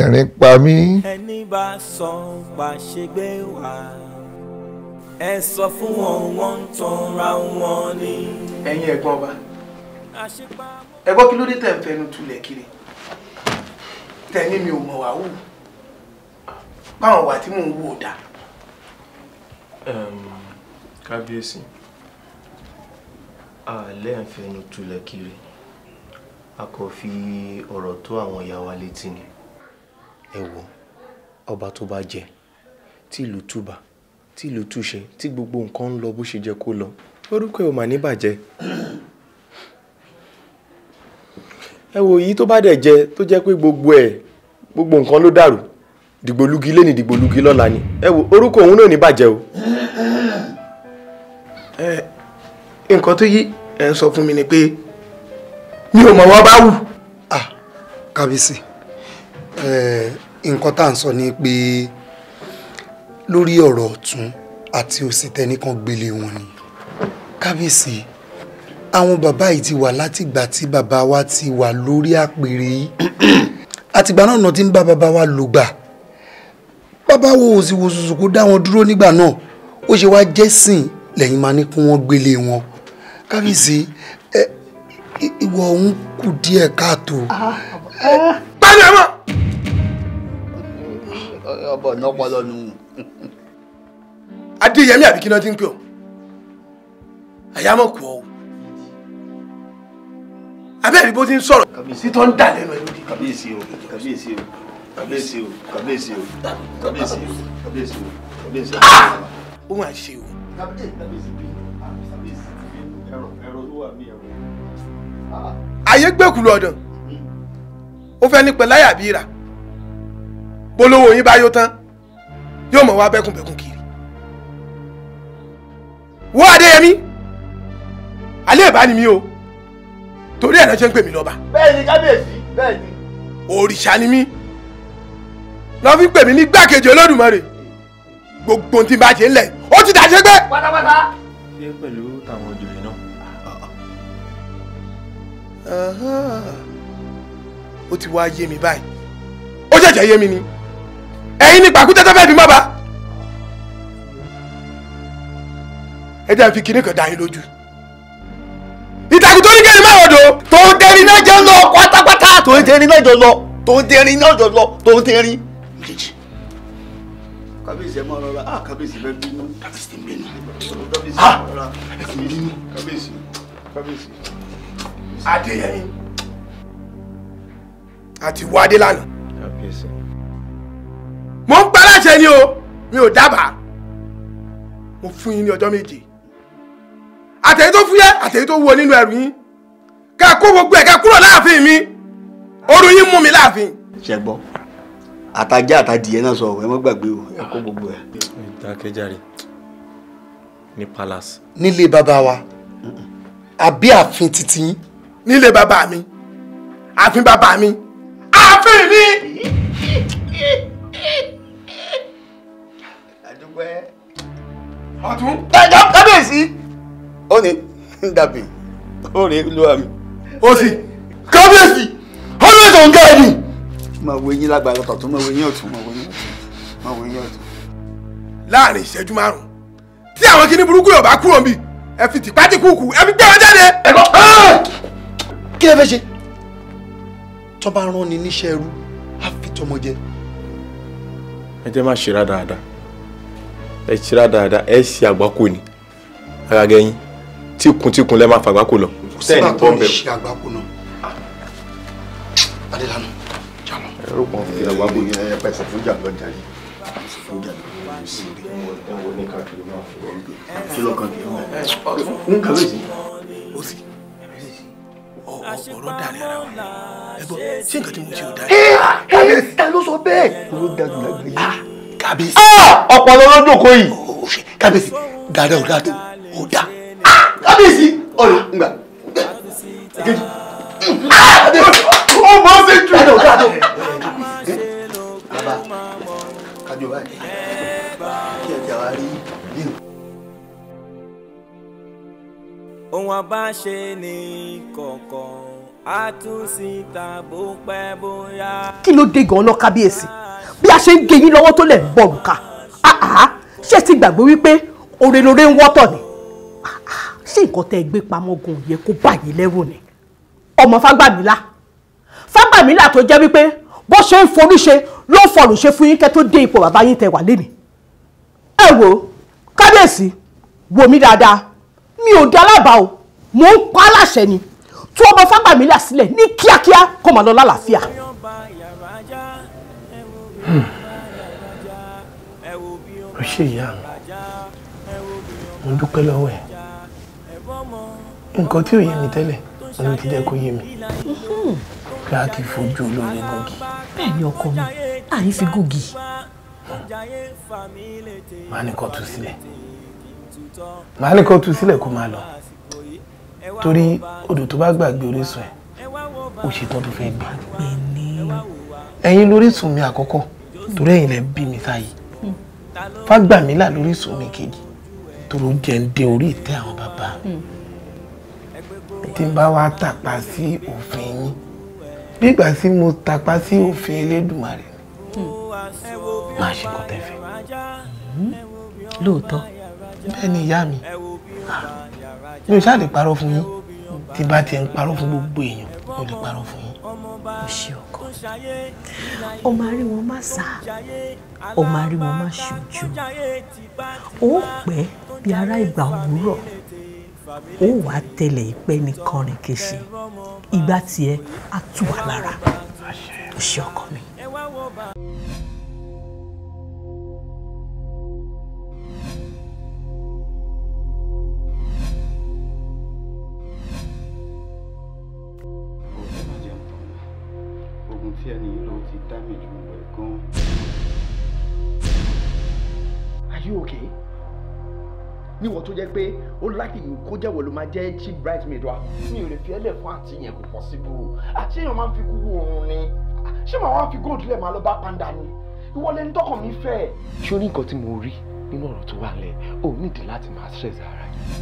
ẹ̀rín pa mí. ẹni bá sọ pàṣẹgbé wá ẹ sọ fún wọn wọn ń tanra wọn ni. ẹ̀yin ẹ̀gbọ́n ọba ẹ kí ló dé tẹ̀ ń fẹnu tulẹ̀ kiri tẹ̀mí mi ò mọ̀ wá wù báwọn wà tí mò ń wò dà. kábíyèsí alẹ́ ń fẹnu tulẹ̀ kiri a kò fi ọ̀rọ̀ tó àwọn ìyá wa létí ni. ẹ wo ọba tó bá jẹ tí ìlú túbà tí ìlú túṣe tí gbogbo nǹkan ń lọ bó ṣe jẹ kó lọ orúkọ ẹ ò mà ní bàjẹ́. ẹ wo èyí tó bá dẹ̀ jẹ tó jẹ́ pé gbogbo ẹ̀ gbogbo nǹkan ló dàrú dìgbòlugi lé dìgbòlugi lọ́la ni ẹ wo orúkọ òun náà ní bàjẹ́ o nǹkan tó yí ẹ̀ ń sọ fún mi ni pé mi ò mọ̀ wá bá wù. ah kábíyèsí nǹkan tá à ń sọ ni pé lórí ọ̀rọ̀ ọ̀tún àti òsì tẹnìkan gbélé wọn ni kábíyèsí àwọn bàbá yìí ti wà látìgbà tí bàbá wa ti wà lórí àpèrè yìí àtìgbà náà náà ti ń bá bàbá wa lò gbà bàbá wo òsì wòsùsù kó dá wọn dúró nígbà náà ó ṣe wá jẹ́sìn lẹ́yìn máa ní kí wọ́n gbélé wọn kábíyèsí ìwọ òun kù díẹ̀ káàtó. pálí ẹ̀ mọ́. ọbọ̀ náà pọ̀ lọ́nu. adéyẹmí àbí kí náà ti ń pè ọ́ àyámọ̀ kù ọ́ abẹ́rẹ́ bó ti ń sọ̀rọ̀. kàbíyèsí tó ń dà lẹ́nu ẹ̀ lórí. kàbíyèsí o kàbíyèsí o kàbíyèsí o kàbíyèsí o kàbíyèsí o kàbíyèsí o kàbíyèsí o. Ah! ó mà o. kàbíyèsí kàbíyèsí ayé gbẹ̀kùlù ọ̀dàn ó fẹ́ ní pẹ̀láyà bíi rà bolówó yín bá yó tán yóò mọ̀ wá bẹ́kùnbẹ́kùn kiri wo adéyẹmí alẹ́ ìbá ni mi o torí ẹ̀ náà ṣe ń pè mí lọ́ba. bẹ́ẹ̀ni kábíyèsí bẹ́ẹ̀ni. òrìṣà ni mí lọ́ fi pè mí ní gbàkejì olódùmarè gbogbo tí n bá ṣe ń lẹ̀ ó ti dàṣẹ́ gbé. pátápátá. ṣé pẹ̀lú tàwọn ọjọ́ ó ti wá yé mi báyìí ó ṣẹ̀ṣẹ̀ yé mi ni ẹ̀yin ni pàkúté tó fẹ́ bí mọ́ba ẹ jẹ́ fi kinní kan dá yín lójú ìtàkùn tó ní kẹ́ni máa rọ̀dọ̀ tó ń tẹ́rin náà jẹ́ lọ pátápátá tó ń tẹ́rin náà jọ lọ tó ń tẹ́rin náà jọ lọ tó ń tẹ́rin. kábíyèsí ẹ máa rọra ah kábíyèsí fẹ́ bínú kábíyèsí ń bínú ah ẹ fi bínú kábíyèsí kábíyèsí. Adéyẹmí àti Wádé lánàá. Mo ń pa aláṣẹ ni o, mi ò dábàá. Mo fún yín ní ọjọ́ méje. Àtẹ̀yí tó fúyẹ́, àtẹ̀yí tó wúwo nínú ẹrù yín. Ká kó gbogbo ẹ̀ ká kúrò láàfin mi. Oru yín mú mi láàfin. Ṣé gbọ́? Àtajá àtadìyẹ náà sọ̀rọ̀ ẹ mọ́ gbàgbé o, ẹ kó gbogbo ẹ̀. Ìdákẹ́járe ní palace. Nílé bàbá wa, àbí àfin titi yín nílé bàbá mi ààfin bàbá mi ààfin mi. ọ̀tún. ẹjọ́ kábíyèsí ó ní ń dàbí ó rí olúwa mi. ó sì kábíyèsí ó ní ètò nǹkan ẹ̀dùn. máa wo eyín lágbára tọ̀tún máa wo eyín ọ̀tún máa wo eyín ọ̀tún máa wo eyín ọ̀tún. láàrin ìṣẹ́jú márùn-ún tí àwọn kinní burúkú yóò bá kúrò níbí ẹ fi tìpátìkúùkù ẹ fi gbé wọn jáde. ẹ̀kọ́ lè fẹ́ ṣe tó bá rán ni níṣẹ́ ẹrú á fi tọmọ jẹ. ẹ jẹ́ máa ṣera dáadáa ẹ ṣera dáadáa ẹ ṣe àgbákò ni ara gẹ̀yìn tíkuntìkun lẹ máa fàgbákò lọ. kò sí bàbá mi ṣe àgbákò náà ah, adélànà jàmọ. ẹ rò pọ̀ fi àgbákò yẹn ẹ pẹ̀sẹ̀ fún jàǹdọ̀ jàre fún jàǹdọ̀ jàre sí i. kí ló kàn kí ló kàn ọ̀rọ̀ dàrí ara wa ẹ gbọ́ ṣé nǹkan tí mo ṣe ò dáa. Eh, ah, kábíyèsí ta ló sọ bẹ́ẹ̀. Ah, ah, ló da jù lágbè yìí. Oh, kábíyèsí. ọ̀pọ̀lọ́ ló dòkó yìí. kábíyèsí dáadáa ò dáa tó ò dáa. kábíyèsí ọ̀rọ̀ ngbà. ó mọ̀ ọ́ sí jù. dáadáa ò dáa tó. bàbá kájọba kí ẹ jà wá rí. ohun àbáṣe ní kọ̀ọ̀kan á tún síta bó pẹ́ bóyá. kí ló dé gan-an lọ kábíyèsí bí a ṣe ń gé yín lọ́wọ́ tó lẹ̀ ń bọ̀rù ká ṣé ti gbàgbé wípé oore lóore ń wọ́tọ̀ ni ah, ah, ṣé nǹkan tẹ́ ẹ gbé pamọ́ gan yẹ kó báyìí lẹ́rù ni ọmọ fágbàmílà fágbàmílà tó jẹ́ wípé bó ṣe ń forí ṣe ló ń fọlù ṣe fún yín kẹ́ tó dé ipò bàbá yín tẹ́ wà lénìí ẹ wo kábíyèsí wo mí dáadáa mi ò dá lábàá o mò ń pa á láṣẹ ni tú ọmọ Fágbàmílà sílẹ̀ ní kíákíá kó máa lọ lálàáfíà. ó ṣe ìyá mi mo dúpẹ́ lọ́wọ́ ẹ̀ nǹkan tí ò yé mi tẹ́lẹ̀ ló ti jẹ́ kó yé mi pé a kì í fojú olóore gògì. bẹ́ẹ̀ ni ọkọ mi àyè fi gògì. má ní kó tú sílẹ̀ màá ní kó tú sílẹ̀ kó máa lọ torí odò tó bá gbàgbé orísun ẹ̀ ó ṣetán tó fẹ́ gbà. ẹ̀yin lórísun mi àkọ́kọ́ torí ẹ̀yin lẹ́ bí mi sáyé fágbàmílà lórísun mi kejì torí oúnjẹ ń dé orí ìtẹ́ àwọn bàbá tí n bá wá tàpá sí òfin yín bí ìgbà tí mo tàpá sí òfin Elédùmarè máa ṣe kọ́tẹ́fẹ́. lóòótọ́ ẹni ìyá mi mi ò ṣáà lè parọ́ fún yín tí bá ti ń parọ́ fún gbogbo èèyàn mo lè parọ́ fún yín. o ṣe ọkọ o máa rí wọn má sá o máa rí wọn má ṣojú o pẹ́ bí ara ìgbà òwúrọ̀ ó wà á tẹ̀lé ìpẹ́ ní kọrin kèsì ìgbà tiẹ̀ á tù wá lára o ṣe ọkọ mi. níwọ̀n tó jẹ́ pé ó láti kó jẹ́wọ̀ ló máa jẹ́ chief bridesmaid wa. mi ò lè fi ẹlẹ́ fún àǹtí yẹn kò pọ̀ síbò àti èèyàn máa ń fi kú oorun ni ṣé màá wá fi gold lẹ̀ máa lọ bá panda ni ìwọlé ń tọkàn mi fẹ́. ṣé o ní nǹkan tí mo rí nínú ọ̀rọ̀ tó wà lẹ̀ o nídìí láti máa stress ara yìí.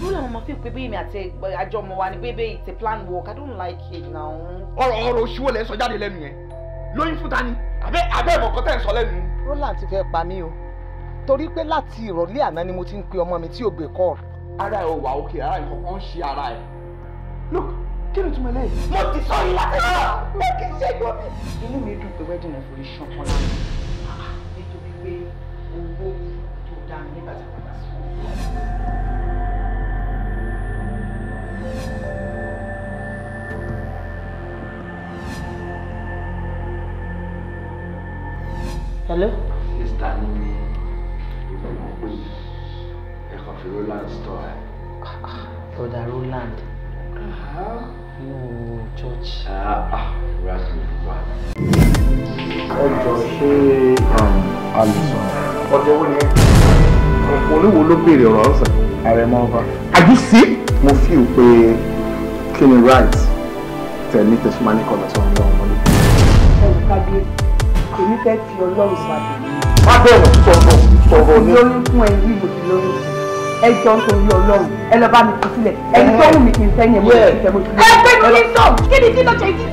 mo làwọn máa fi pé bí èmi àti àjọ ọmọ wa ni pé bẹ́ẹ̀ it's a plan work I don't like it now. ọ̀rọ̀ ọ̀rọ̀ òṣìwọlẹ sọ jáde lẹ́nu yẹn lóyún fún ta ni àbẹ àbẹ ìmọ̀kọ́tẹ̀ sọ lẹ́nu Roland ti fẹ́ pa mí o torí pé láti ìrọ̀lẹ́ àná ni mo ti ń pe ọmọ mi tí ò gbé kọ́. ara ẹ ò wà òkè ara ẹ kankan ṣe ara ẹ. look kí ni túmọ̀ lẹ́yìn. mo ti sọ yìí láti ṣe mo kì í ṣe ìgbọ́ mi. inú mi dùn pé wedding ẹ̀ forí ṣan kan lánàá ah, nítorí pé owó tó dáa nígbà tí a padà sí i. hello. sista ni mi ìmọ̀ pé ẹ kàn fi Roland tọ́ ẹ. broda Roland inú church. ẹ jọ ṣe um, alison ọjọ́ wo ni ẹ. olówó ló béèrè ọ̀rọ̀ ọ̀sán. àrẹ̀mọ ọba. àjùsí mo fi ò pé kí ni right tẹ̀mí tẹ̀síwájú kọ̀ọ̀dọ̀ tí wọ́n ń lọ ọmọdé. ẹ wò èmi fẹ́ fi ọlọ́run pàdé. má bẹ̀rẹ̀ sọ̀rọ̀ sọ̀rọ̀ ní. lórí fún ẹ wí mo ti lóyún ẹ jọ nítorí ọlọ́run ẹ lọ bá mi fi sílẹ̀ ẹni tó wù mí kì í sẹ́yìn mo ti fẹ́ mo ti lóyún. ẹ pé mi ní sọ kí ni kí ló ṣe kí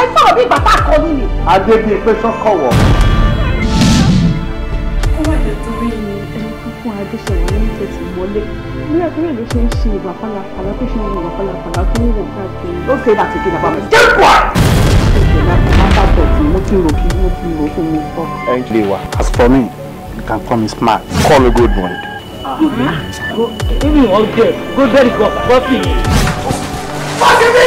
ẹ sọ̀rọ̀ bí ìgbà tá a ni. adé bíi pé sọ́kọ̀ wọ̀. ní àkúrẹ́ ló ṣe ń ṣe ìwà pálapàla tó ṣe ń wà pálapàla tó ń wò káàkiri. ó ṣe é láti kí n bá mi. jẹ́ pọ̀ kí n rò kí wọ́n fi rò fún mi as for me you can call me smart call me good boy. good man go even one girl go very go coffee. ọ̀sẹ̀ mi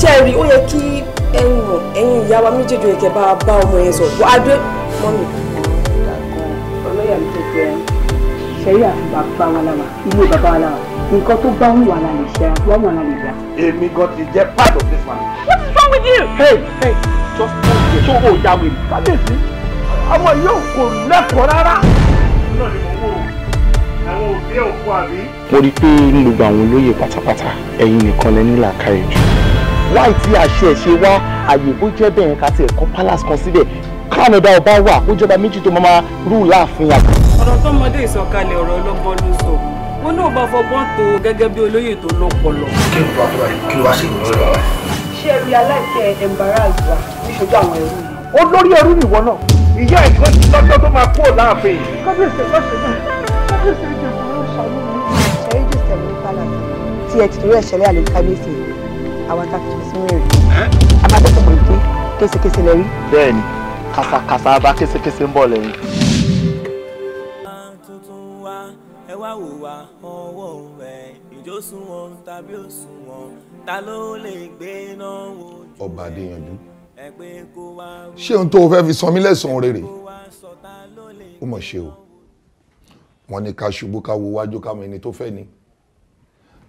ṣe rí ó yẹ kí ẹ̀yin hàn ẹ̀yin ìyá wa méjèèjì yẹ kẹ́ bá a bá ọmọ yẹn sọ wọ́n á dé mọ́mì. ọlọ́yà mi tó jẹ́ ṣẹ́yà bàbá wa lára ilé bàbá wa lára nǹkan tó bá ń wà lálẹ́ èmi gan ti jẹ́ part of this family. what is wrong with you. hey hey just one day so o ya wèrè kábíyèsí àwọn yóò kò lẹ́kọ̀ọ́ rárá. náà ni mo wò àwọn òbí òkú àbí. mo rí i pé ń lo àwọn olóyè pátápátá ẹ̀yin nìkan lẹ ní làákàyè jù. wáì tí àṣẹ ẹ̀ ṣe wá àyè bó jẹ́ bẹ́ẹ̀ ká ti ẹ̀kọ́ palace kan síbẹ̀ kánádà ọba wà kó jọba méjì tó máa máa rúùlà fún yàtọ̀. ọ̀rọ̀ tọ́mọdé ìsọ̀kalẹ̀ ọ̀rọ̀ ọlọ́gbọ́n ló sọ wọn náà bá fọgbọ́n tó gẹ́gẹ́ bí olóyè tó lọ́pọlọ. kí ló wá kí ló wá sí ìlú lọ́dọ̀ wa. ṣé ẹ rí aláìsẹ ẹ̀ǹbàrà ìwà níṣojú àwọn ẹrú yìí. olórí ẹrú nìwọ náà ìyá ẹ̀kọ́ ti lọ́jọ́ tó máa kúrò láàfin. kábíyèsí lọ́sẹ̀ náà kábíyèsí ìjọba ló ṣàlùmí. ṣẹ́yìn jù sẹ́yìn fàlà tí ẹ ti torí ẹ̀ ṣẹlẹ̀ àlè kábíyèsí àwọn akáfíṣe sínú èrè. a máa tẹ́tọ̀ pé késekése lẹ rí. bẹ́ẹ̀ni kàsàkàsà bá késekése ń bọ̀ lẹ́yìn. wá wò wá ọwọ́ rẹ̀ ìjó sunwọ̀n tàbí òṣùwọ̀n ta ló lè gbé náà wojú rẹ̀. ọba adéyanjú ṣé ohun tó o fẹ́ fi san mí lẹ́sàn rere ó mọ̀ ṣe o wọ́n ní ká ṣubú ká wo wájú ká mọ ẹni tó fẹ́ ni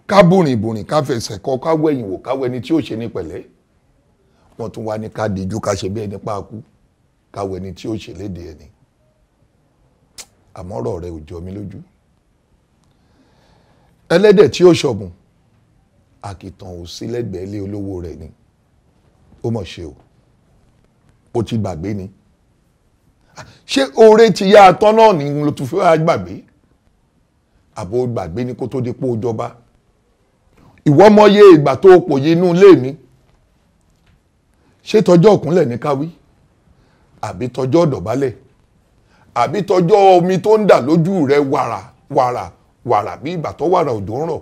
ká bùrìn bùrìn ká fẹsẹ̀ kọ ká wẹ̀yìn wò ká wẹni tí ò ṣe ní pẹ̀lẹ́ wọ́n tún wá ní ká díjú ká ṣe bí ẹni páàkú ká wẹni tí ò ṣe léde ẹni àmọ́ ọ̀rọ̀ rẹ ò jọ mí lójú ẹlẹ́dẹ̀ tí ó ṣọ̀bùn àkìtàn ò sí lẹ́gbẹ̀ẹ́ lé olówó rẹ̀ ni ó mọ̀ ṣe o ó ti gbàgbé ni ṣé oore ti yá atọ́ náà ni mo tún fi wá gbàgbé àbò gbàgbé ni kó tó di pé ó jọba ìwọ mọye ìgbà tó pòye inú ilé mi ṣé tọjọ́ òkúnlẹ̀ ní káwí àbí tọjọ́ ọ̀dọ̀bálẹ̀ àbí tọjọ́ omi tó ń dà lójú rẹ̀ wàrà wàrà wàrà bí ìgbà tó wàrà òjò ń rọ̀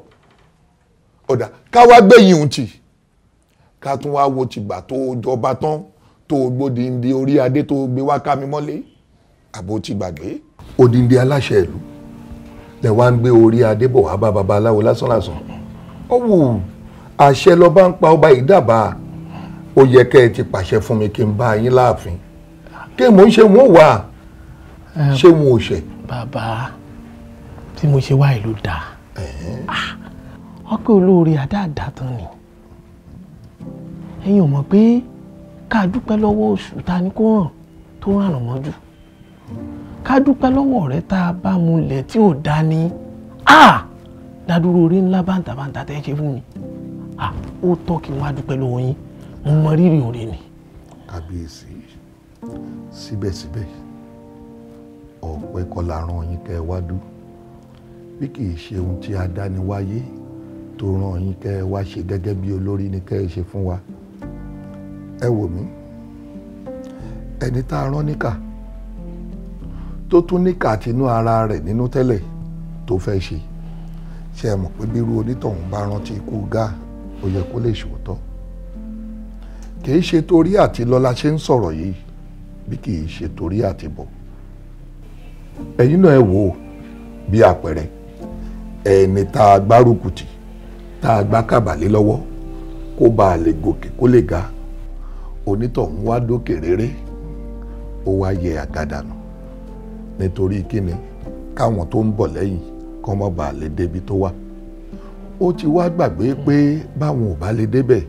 ọ̀dà ká wá gbẹ̀yìn òun tì ká tún wá wo tìgbà tó jọba tán tó gbódìndín orí adé tó gbé wá ká mi mọ́lé àbò ti gbàgbé. odindin aláṣẹ ìlú lẹ wá ń gbé orí adé bọ̀ wá bá babaláwo lásán lásán ó wù àṣẹ lọ́ba ń pa ọba yìí dábàá ó yẹ kẹ́ ẹ ti pàṣẹ fún mi kí n bá yín láàfin kí mò ń ṣe wọn wà ṣé wọn ò ṣe. bàbá tí mo ṣe wá ìlú dà ah, wọ́n pé olóore àdáàdá tán ni ẹ̀yin ò mọ̀ pé ká dúpẹ́ lọ́wọ́ oṣù ta ni kó hàn tó hàn mọ́jú ká dúpẹ́ lọ́wọ́ ọ̀rẹ́ tá a bá múlẹ̀ tí ò dá ni ah! dádúró orí ńlá bàǹtàbàǹtà tẹ́ ṣe fún mi ah, ó tọ́ kí n wá dúpẹ́ lọ́wọ́ yín mo mọ rírì òre ni. kábíyèsí síbẹ̀síbẹ̀ ọ̀pẹ kọ́ la rán yín kẹ́ ẹ wá dúró bí kì í ṣe ohun tí a dáni wáyé tó ràn yín kẹ́ ẹ wá ṣe gẹ́gẹ́ bí olórí ni kẹ́ ẹ ṣe fún wa ẹ wò mí ẹni tá a rán níkà tó tún níkà tinú ara rẹ̀ nínú tẹ́lẹ̀ tó fẹ́ ṣe ṣe é mọ̀ pé bírú onítọ̀hún bá rántí ikú gáà ó yẹ kó lè ṣòótọ́ kìí ṣe torí àti lọ́la ṣe ń sọ̀rọ̀ yìí bí kìí ṣe torí àti bọ̀ ẹ̀yin náà ẹ wò ó bí àpẹẹrẹ ẹni tá a gbárùkùtì tá a gbá kàbàlẹ́ lọ́wọ́ kó bá a lè gòkè kó lè ga onítọ̀hún wá dókè réré ó wá yẹ àgàdànù nítorí kíni káwọn tó ń bọ̀ lẹ́yìn kọ́ mọ́ bá a lè débi tó wà ó ti wá gbàgbé pé báwọn ò bá lè débẹ̀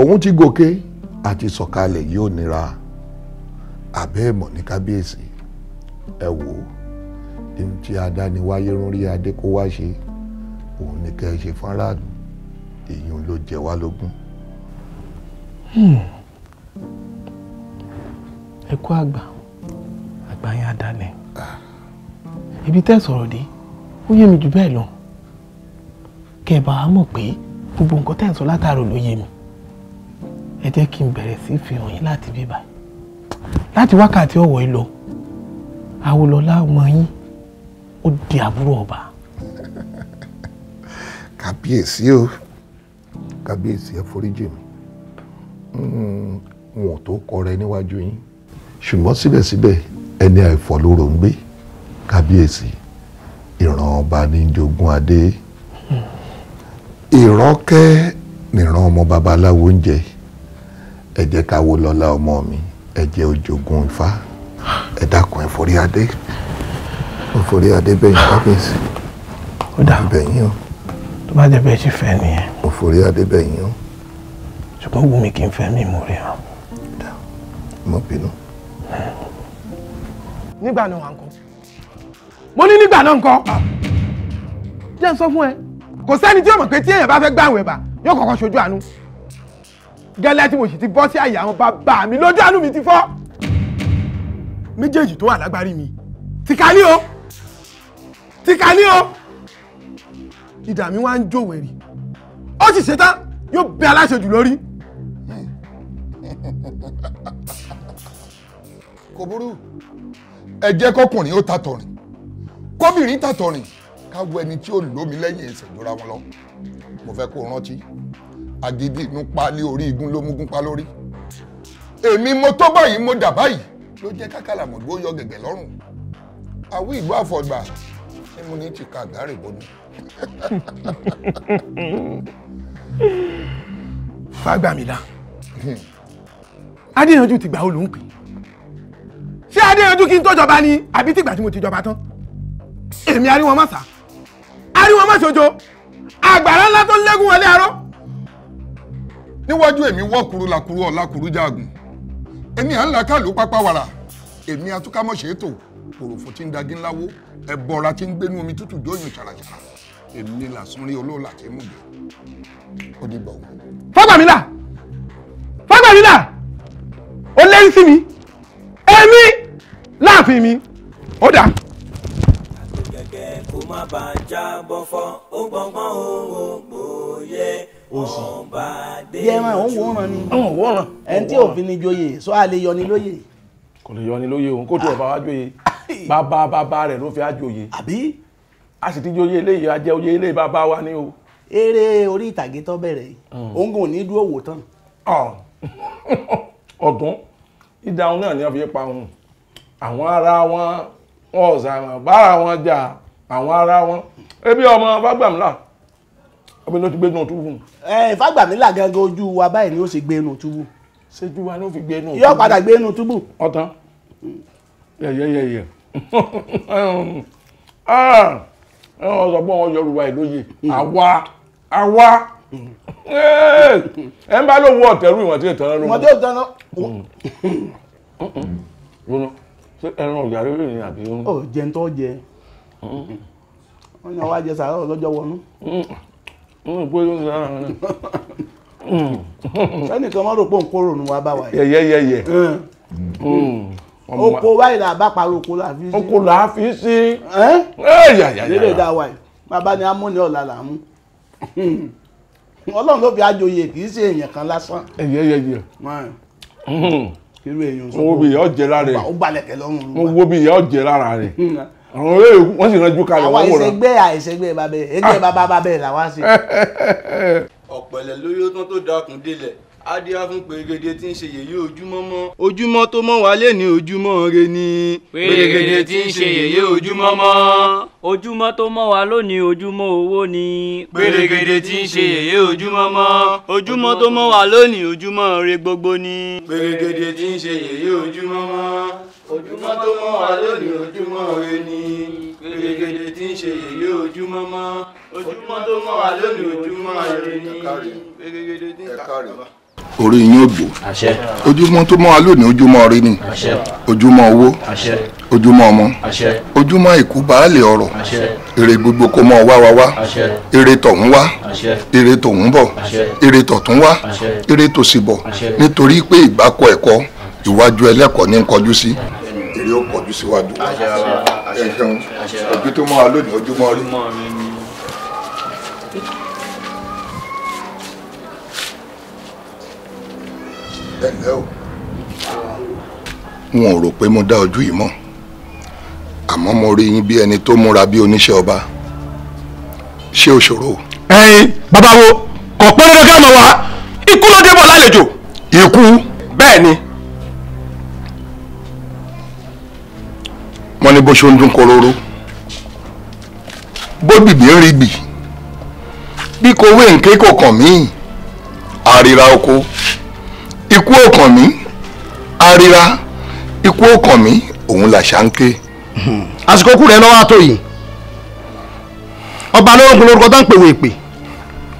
òun ti gòkè àti sọ̀kalẹ̀ yìí ò nira àbẹ́ ẹ̀mọ̀ ní kábíyèsí ẹ wò ó tí adániwáyé ń rí adé kó wá ṣe òun ni kẹ́ ẹ ṣe fáráàlú èyí ló jẹ wá lógún. Hmm. ẹ kú àgbà àgbà yẹn á dalẹ̀ ibi tẹ́ sọ̀rọ̀ dé ó yé mi jù bẹ́ẹ̀ lọ kẹ́ ẹ bá a mọ̀ pé gbogbo nǹkan tẹ́ ẹ sọ látàrọ̀ ló yé mi ẹ jẹ́ kí n bẹ̀rẹ̀ sí fi hàn yín láti bíbá láti wákàtí ọ̀wọ́ yìí lọ Awólọ́lá mọ̀ yín ó di àbúrò ọba. kàbíyèsí o kàbíyèsí ẹ foríjì mi wọn hmm, ò tó kọrẹ níwájú yín ṣùgbọ́n síbẹ̀síbẹ̀ ẹni àìfọ̀ lóró ń gbé kábíyèsí ìran ọba ní jogún adé ìrọ́kẹ́ nìran ọmọ babaláwo ń jẹ ẹ jẹ́ ká wo lọ́lá ọmọ mi ẹ jẹ́ ó ifá ẹ dákun adé mo forí adébẹ̀yìn kábíyèsí. ó dà bẹ̀yìn o. tó bá jẹ́ bẹ́ẹ̀ ṣe fẹ́ nìyẹn. mo forí adébẹ̀yìn o. ṣùgbọ́n wù mí kí n fẹ́ mi mú rí hàn. dà mo bínú. nígbà náà wà ń kọ́. mo ní nígbà náà ń kọ́. jẹ́ n sọ fún ẹ kò sẹ́ni tí yóò mọ̀ pé tí èèyàn bá fẹ́ gbàwẹ̀ bá yóò kọ́kọ́ ṣojú àánú gẹ́lẹ́ tí mo sì ti bọ́ sí àyè àwọn bàbá mi lójú àánú mi ti fọ́ méjèèjì tó wà lágbárí mi tìkálí o tìkà ní o ìdààmú wa ń jó wèrè ó sì ṣetán yóò bẹ aláṣejù lórí. kò burú ẹ jẹ́ kọkùnrin ó ta tọ̀rìn kóbìnrin ta tọ̀rìn ká wo ẹni tí ó lómi lẹ́yìn ẹsẹ̀ jọra wọn lọ mo fẹ́ kó rántí agídí inú pálí orí igun ló múgún pa lórí èmi mo tó báyìí mo dà báyìí ló jẹ́ kákàlà mọ̀gbó yọ gẹ̀gẹ̀ lọ́rùn àwí ìlú àfọ̀gbà sai mu ne cika gare gudu fagbamida adéyanjú ti gbà ó ló ń pè ṣé adéyanjú kí n tó jọba ni àbí tìgbà tí mo ti jọba tán èmi ariwo mọ́sà ariwo mọ́sọ̀jọ́ àgbàrá ńlá tó lẹ́gùn wọlé arọ́. níwájú èmi wọ́kuru làkuru ọ̀làkuru jágùn èmi à ń làkàlù pápá wàrà èmi atúkámọ̀ṣe tó òròfò tí ń dagi ńlá wó ẹ̀bọ̀ra tí ń gbénú omi tútù dóyún ṣàràṣàrà èmi làsán rí olóòlà tí mú mi ó di gbọ̀ wọn. Fágbàmílà Fágbàmílà ó lérí sí mi èmi láàfin mi ó dà. gẹ́gẹ́ kó má bàa já bọ́ fọ́ ó gbọ́ngbọ́n òun ò gbòye òsì bí ẹ ń wòran ni ẹni tí òfin ni joyè sọ àlè yọ ni lóyè. kò lè yọ ni lóyè òun kó tó ọba wá joyè. bàbá bàbá rẹ̀ ló fi àjòyè àbí a sì ti jẹ́ oyè eléyìí a jẹ́ oyè eléyìí bàbá wa ni o. eré orí ìtàgé tó bẹ̀rẹ̀ yìí hmm. òǹgùn ní dúró wò tán. Ah. ọ̀gán ìdáhùn náà ni wọ́n fi pa òun àwọn ará wọn wọn ọ̀sà bára wọn jà àwọn ará wọn ebi ọmọ fagbamila ọmọ ló ti gbénu túbú. ẹ fagbamila gangan ojú wa báyìí ni ó sì gbénu túbú. ṣéjú wa ló fi gbénu túbú. yóò padà gbénu túbú. ọ̀tán hmm. yẹ̀yẹ̀yẹ̀. Yeah, yeah, yeah, yeah. Ah, ẹ wọ́n sọ pé wọ́n Yorùbá ẹ̀ lóye hmm. àwa àwa ẹ ń bá ló wọ ọ̀tẹ̀rù ìwọ̀n tí ì tẹ̀rẹ̀ lóhùn. mọ̀tẹ́ ìtẹ̀rẹ̀ lóhùn. ṣé ẹran ọ̀gá rírì ni àbí ó. ó jẹ ń tọ́ jẹ hmm. wọ́n ní ọwọ́ ajẹ sàárọ̀ lọ́jọ́ wọnú. Hmm. wọ́n gbé ló ń sára wọn náà. sẹ́nìkan mọ́ rò pé òun kóró nu wa bá wa. yẹ yẹ yẹ yẹ oko wáyé là ba parí oko là fi sí. oko là fi sí. lédè dá wa yìí bàbá ni amúni ọ̀la là mú ọlọ́run ló fi àjòyè kì í ṣe èèyàn kan lásán. ẹyẹ ẹyẹ ẹyẹ kiri èèyàn sọ. mo wo bí ìyá ọ̀jẹ̀ lára rẹ̀. ó balẹ̀ kẹ lọ́rùn. mo wo bí ìyá ọ̀jẹ̀ lára rẹ̀. àwọn olóyè wọ́n sì ránjú kalẹ̀ wọ́n wò rán. àwọn babe. àìṣègbè bàbá ẹgbẹ́ bàbá bàbá ẹ̀ làwọn ṣe. ọ̀pẹ̀lẹ̀ lóyún tó dákun délẹ̀ adíá fún pèrègèdè tí ń ṣe yèyé ojúmọ́ mọ́ ojúmọ́ tó mọ́ wa lé ní ojúmọ́ re ni. pèrègèdè tí ń ṣe yèyé ojúmọ́ mọ́. ojúmọ́ tó mọ́ wa lónìí ojúmọ́ owó ni. pèrègèdè tí ń ṣe yèyé ojúmọ́ mọ́. ojúmọ́ tó mọ́ wa lónìí ojúmọ́ re gbogbo ni. pèrègèdè tí ń ṣe yèyé ojúmọ́ mọ́. ojúmọ́ tó mọ́ wa lónìí ojúmọ́ re ni. pèrègèdè tí ń ṣe yèyé ojúmọ́ mọ́. ojúmọ́ tó mọ́ wa lónìí ojúmọ́ re ni. ẹ káre ẹ káre orí yín ògbó ojúmọ́ tó mọ́ wa lónìí ojúmọ́ orí ni ojúmọ́ owó ojúmọ́ ọmọ ojúmọ́ ìkú baálé ọ̀rọ̀ èrè gbogbo kó mọ́ wá wá wá èrè tọ̀hún wá èrè tọ̀hún bọ̀ èrè tọ̀tún wá èrè tòsì bọ̀ nítorí pé ìgbà kọ ẹ̀kọ́ ìwájú ẹlẹ́kọ̀ọ́ ní kọjú sí èrè ó kọjú síwájú ẹ̀ṣẹ̀ ojú tó mọ́ wa lónìí ojúmọ́ orí. ẹ̀lẹ́ o wọn ò rò pé mo dá ojú yìí mọ̀ àmọ́ mo rí yín bí ẹni tó múra bí oníṣẹ́ ọba ṣé o ṣòro. ẹyin bàbá wo kò pé nínú kẹ́mọ̀ wá ikú ló débọ̀ lálejò. ikú. bẹ́ẹ̀ ni. wọ́n ní bó ṣe ń dún kororo bó bìbí ń rí bì bí kò wé nké kò kàn mí àríra oko ikú ọkàn mi arira ikú ọkàn mi òun là ṣàǹkè. Hmm. àsìkò kúrò ẹ lọ́wọ́ àtòyìn ọba lórúkọ lórúkọ tó ń pè wò èpè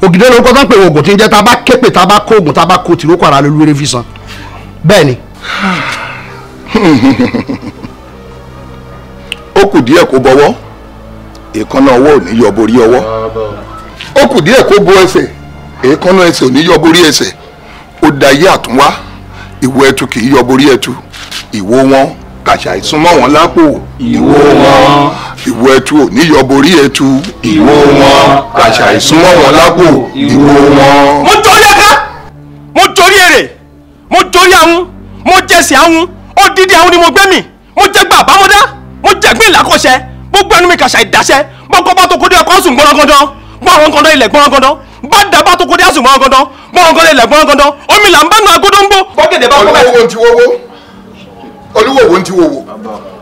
ògìdè lórúkọ tó ń pè wò ògùn tí ń jẹ́ tá a bá képè tá a bá kó ògùn tá a bá kó tìrókò ara lórí eré fi san ni. ó kù díẹ̀ kó bọ́wọ́ èékánná ọwọ́ ò ní yọ borí ọwọ́ ó kù díẹ̀ kó bo ẹsẹ̀ èékánná ẹsẹ̀ ò ní yọ borí ẹsẹ̀ ó dayé àtúnwá ìwo ẹtu kì í yọ borí ẹtu ìwo wọn kàṣà ìsúnmọ́ wọn lápò ìwo wọn ìwo ẹtu ò ní yọ borí ẹtu ìwo wọn kàṣà ìsúnmọ́ wọn lápò ìwo wọn. mo torí ẹ̀ka mo torí èrè mo torí àwọn mo jẹ̀sìn àwọn odidi àwọn ni mo gbé mo jẹ́ gbà àbámọ́dá mo jẹ̀gbìn ìlàkọ̀ṣẹ́ gbogbo ẹnu mi kàṣà ìdáṣẹ́ bọ́kọ́ bá tó kó dé ẹ̀kọ́ sùn gbọ́nrangandan gbọ́ àwọn gandan ilẹ̀ gbọ́nrangandan ba daba tó kó dé mo ọgọ́dán mo ọgọ́dán ilẹ̀ gbọ́n ọgọ́dán omi là ń bá nu agodo ń bó. bọ́gẹ̀dẹ̀ bá kọ́ bẹ́ẹ̀.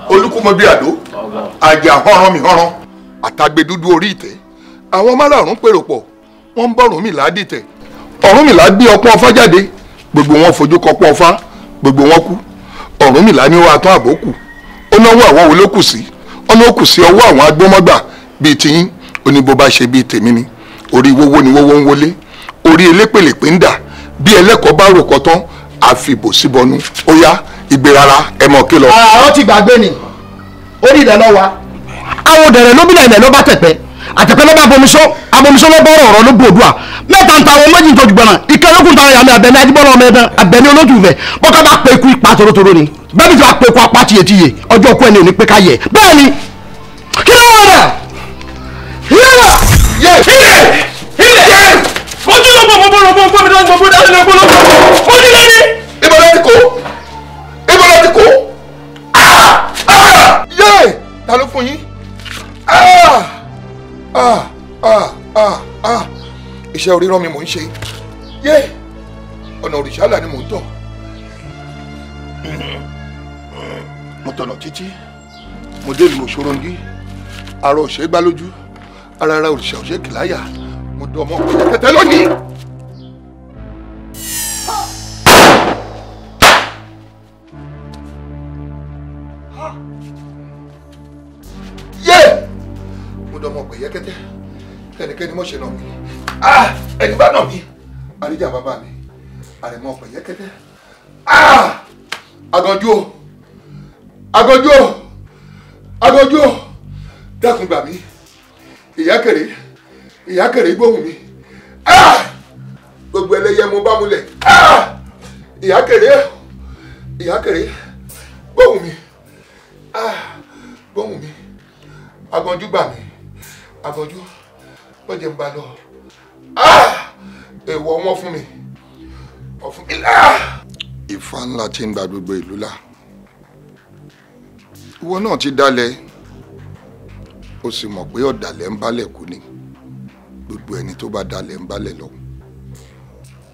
owo ti àjà họ́rán mi họ́rán àtàgbé dúdú orí àwọn márààrún pèrò pọ̀ wọ́n ń bọ̀ Ọ̀rúnmìlà dìtẹ̀ Ọ̀rúnmìlà gbé ọpọ́n gbogbo wọn fojú kọpọ́n gbogbo wọn ku wo orí wówó ni wówó ń wọlé orí elépèlépè ń dà bí ẹlẹ́kọ̀ọ́ bá rò kọ́ tán àfìbò síbọnú ó yá ìgbérara ẹ mọ̀ kí lọ. àárọ̀ ti gbàgbé ni orí ilẹ̀ lọ wa. àwọn òdẹ̀rẹ̀ ló bílẹ̀ ilẹ̀ ló bá tẹ̀pẹ́ àtẹ̀pẹ́ ló bá abomisó abomisó ló bọ́rọ̀ ọ̀rọ̀ ló bu òdua mẹ́ta ń ta àwọn méjì ń tọ́jú gbọ́nà ìkẹ́lókùn ta ìyàmì abẹ́ni ajíbọ́lá ọmọ ẹ̀dán abẹ́ni olójúfẹ́ bọ́ká bá pe ikú ipa torotoro ni bẹ́ẹ̀ bí tó a pe ikú apá tiyetiye ọjọ́ ọkọ ẹni ò ní pé ká yẹ bẹ́ẹ̀ ni kí ló wà dà yẹ́rà. Yes, yé ilé ilé yé ojú ló gbọ́ gbogbo gbogbo gbogbo mi ló gbogbo dáhùn ló gbogbo gbogbo ojú ló ní. ibo ló ti kó ibo ló ti kó ah! ah! yé ta ló fún yín ah! iṣẹ́ oríran mi mò ń ṣe yé ọ̀nà òrìṣà là ni mò ń tọ̀ mo tọ̀nà títí mo dé ìlú òṣòro ń dí àrò òṣègbà lójú ara ara òrìṣà òṣèkì láyà mo dún ọmọ kẹtẹkẹtẹ lónìí. yé mo dún ọmọ pẹ̀yẹ́kẹ́tẹ́ kẹ́nikẹ́ni mo ṣe nà mí ẹni bá nà mí àríjà bàbá mi àrẹ̀mọ pẹ̀yẹ́kẹ́tẹ́ àgànjú o àgànjú o àgànjú o dẹ́kun gbà mí ìyá kèrè ìyá kèrè gbóhùn mi ah! gbogbo ẹlẹ́yẹ mo bá múlẹ̀ ah! ìyá kèrè ìyá kèrè gbóhùn mi ah! gbóhùn mi aganjú gbà mí aganjú bọ́jẹ̀ ń bá lọ èèwọ̀ wọn fún mi ọ̀fun mi. Ifá ńlá tí ń gba gbogbo ìlú là ìwọ náà ti dalẹ̀ ó sì mọ̀ pé ọ̀dàlẹ̀ ń bálẹ̀ kú ni gbogbo ẹni tó bá dalẹ̀ ń bálẹ̀ lọ.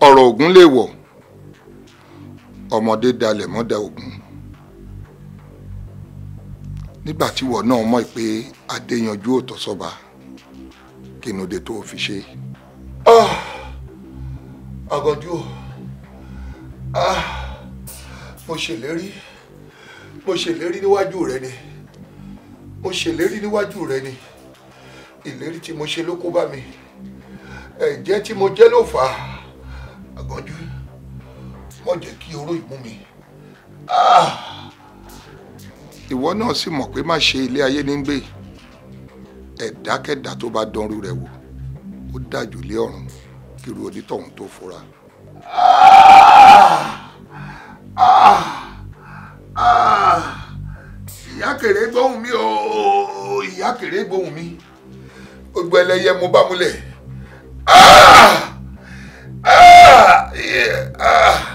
ọ̀rọ̀ ògún lè wọ̀ ọmọdé dalẹ̀ mọ́dà ògún nígbà tí wọ́n náà mọ̀ pé adéyanjú òtọ́ sọ́ba kí ni òde tó fi ṣe. Ah, àgànjú o ah, mo ṣèlérí mo ṣèlérí níwájú rẹ ni. Ah, mo ṣèlérí níwájú rẹ ni ìlérí tí mo ṣe ló kó bá mi ẹ̀jẹ̀ tí mo jẹ́ ló fà á àgànjú mo jẹ́ kí oró ìmú mi. Ah! ìwọ náà sì mọ̀ pé má ṣe ilé ayé ní gbé ẹ̀dákẹ́dá tó bá dánrú rẹ̀ wò ó dájú lé ọ̀run kí onítọ̀hún tó fura. Ah! Ah! Ah! ah! ìyá kèrè gbóhùn mi o ìyá kèrè gbóhùn mi gbogbo ẹlẹ́yẹ mo bá múlẹ̀. Ah! Ah! Yeah! Ah!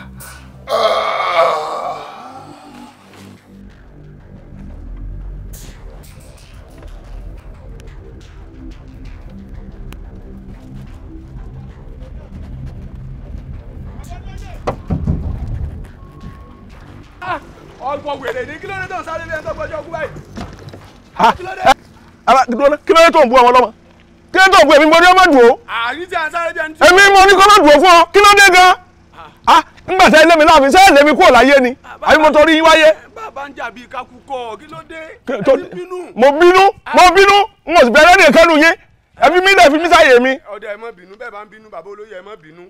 kílé tó ń bú ọmọ lọ́mọ kílé tó ń bú èmi mo ní ọmọ dùn ó. èmi mo ní kọ́ dùn ó fún ọ kí ló dé gan. ah ńgbà tẹ ilé láàfin sẹ́yìn lèmi kúrò láyé ni ah, àbí mo torí yín wáyé. bàbá ń jàbí kakú kí ló dé. mo bínú mo ah. bínú n ò sì bẹ̀rẹ̀ ní ìkànnì yín ẹbí mi náà fi mí sáyè mi. ọ̀dọ̀ ẹ̀ mọ́ bínú bẹ́ẹ̀ bá ń bínú bàbá olóyè ẹ̀ mọ́ bínú.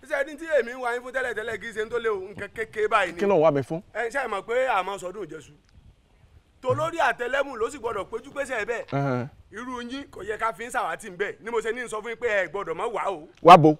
ṣé ẹni tí èmi ń wá yín fún tẹ́lẹ̀ kì í ṣe ń tó lé o nǹkan kékeré báyìí ni. kí ló ń wá mi fún. ẹ ṣe é mọ̀ pé àmọ́ sọdún ìjẹsùn tolórí àtẹlẹ́mù ló sì gbọ́dọ̀ péjú pèsè ẹ bẹ́ẹ̀ irú yín kò yẹ ká fi ń sàwátì ń bẹ ni mo ṣe ní sọ fún yín pé ẹ gbọ́dọ̀ mọ wà o. wá bo.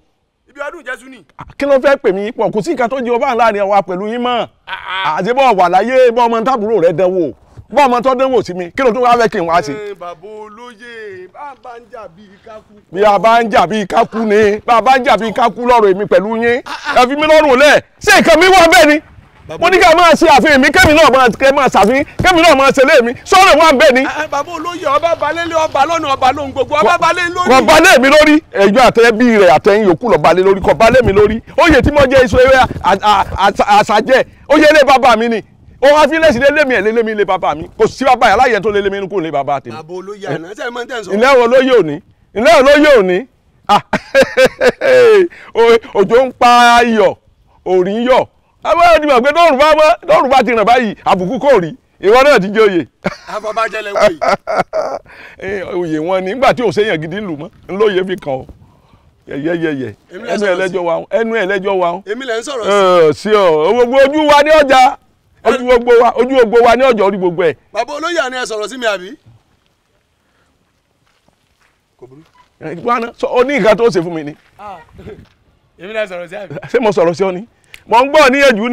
ibi ọdún jésù ni. Ah, kí ló fẹ́ pè mí pọ̀ kò sí nǹkan tó jẹ ọba láàrin wa pẹ̀lú yín mọ́ ah, ah. àdébọ̀ wà láyé bọ́ ọmọ tábúrò rẹ̀ dánwò bọ́ ọmọ tó dánwò sí mi kí ló tún wá fẹ́ kí n wá sí. Eh, bàbá olóye bàbá ń jà bíi kákú. bí a bá ń jà bíi kákú ni bàbá ń jà bíi kákú lọ́rọ̀ èmi pẹ̀lú yín ẹ fi mí lọ́rùn lẹ̀ ṣé nǹkan mo ní ká máa ṣe àfihàn mi kémi náà máa kẹ máa ṣàfihàn kémi náà máa ṣe lémi sọ́ọ̀rọ̀ wa ń bẹ̀ ni. bàbá olóyè ọba balẹ̀ lé ọba lọ́nà ọba lóhun gbogbo ọba balẹ̀ lórí. kò balẹ̀ mi lórí ẹjọ́ àtẹ́bí rẹ̀ àtẹ́yìn yòókù lọ́ọ́ balẹ̀ lórí kò balẹ̀ mi lórí oyè tí mo jẹ́ iṣu ewé àṣàjẹ́ oyè ilé bàbá mi ni ó wá fi lẹ́sìn lélémi ẹ̀ lélémi ilé bàbá mi kò sí bàbá yà láyẹ̀ tó lélémi inú kò àwọn ẹni mọ̀ pé lọ́rùn bá mọ́ lọ́rùn bá ti ràn báyìí àbùkù kò rí ìwọ náà ti jòyè. abọ́bájẹ́ lẹ yìí eh, oyè wọn ni nígbà tí òṣèyàn gidi ń lù mọ́ lóye fi kàn ọ́ yẹyẹyẹyẹ ẹnu ẹlẹjọ wa ẹnu ẹlẹjọ wa. èmi lẹ ń sí. Eh, sí ọ ojú wa ní ọjà bàbá olóyè àná ẹ sí mi àbí. Eh, ní nǹkan tó ṣe mi ni. Ah, èmi lẹ sí àbí. ṣé mo mọ̀ ń gbọ́ ni. ọmọ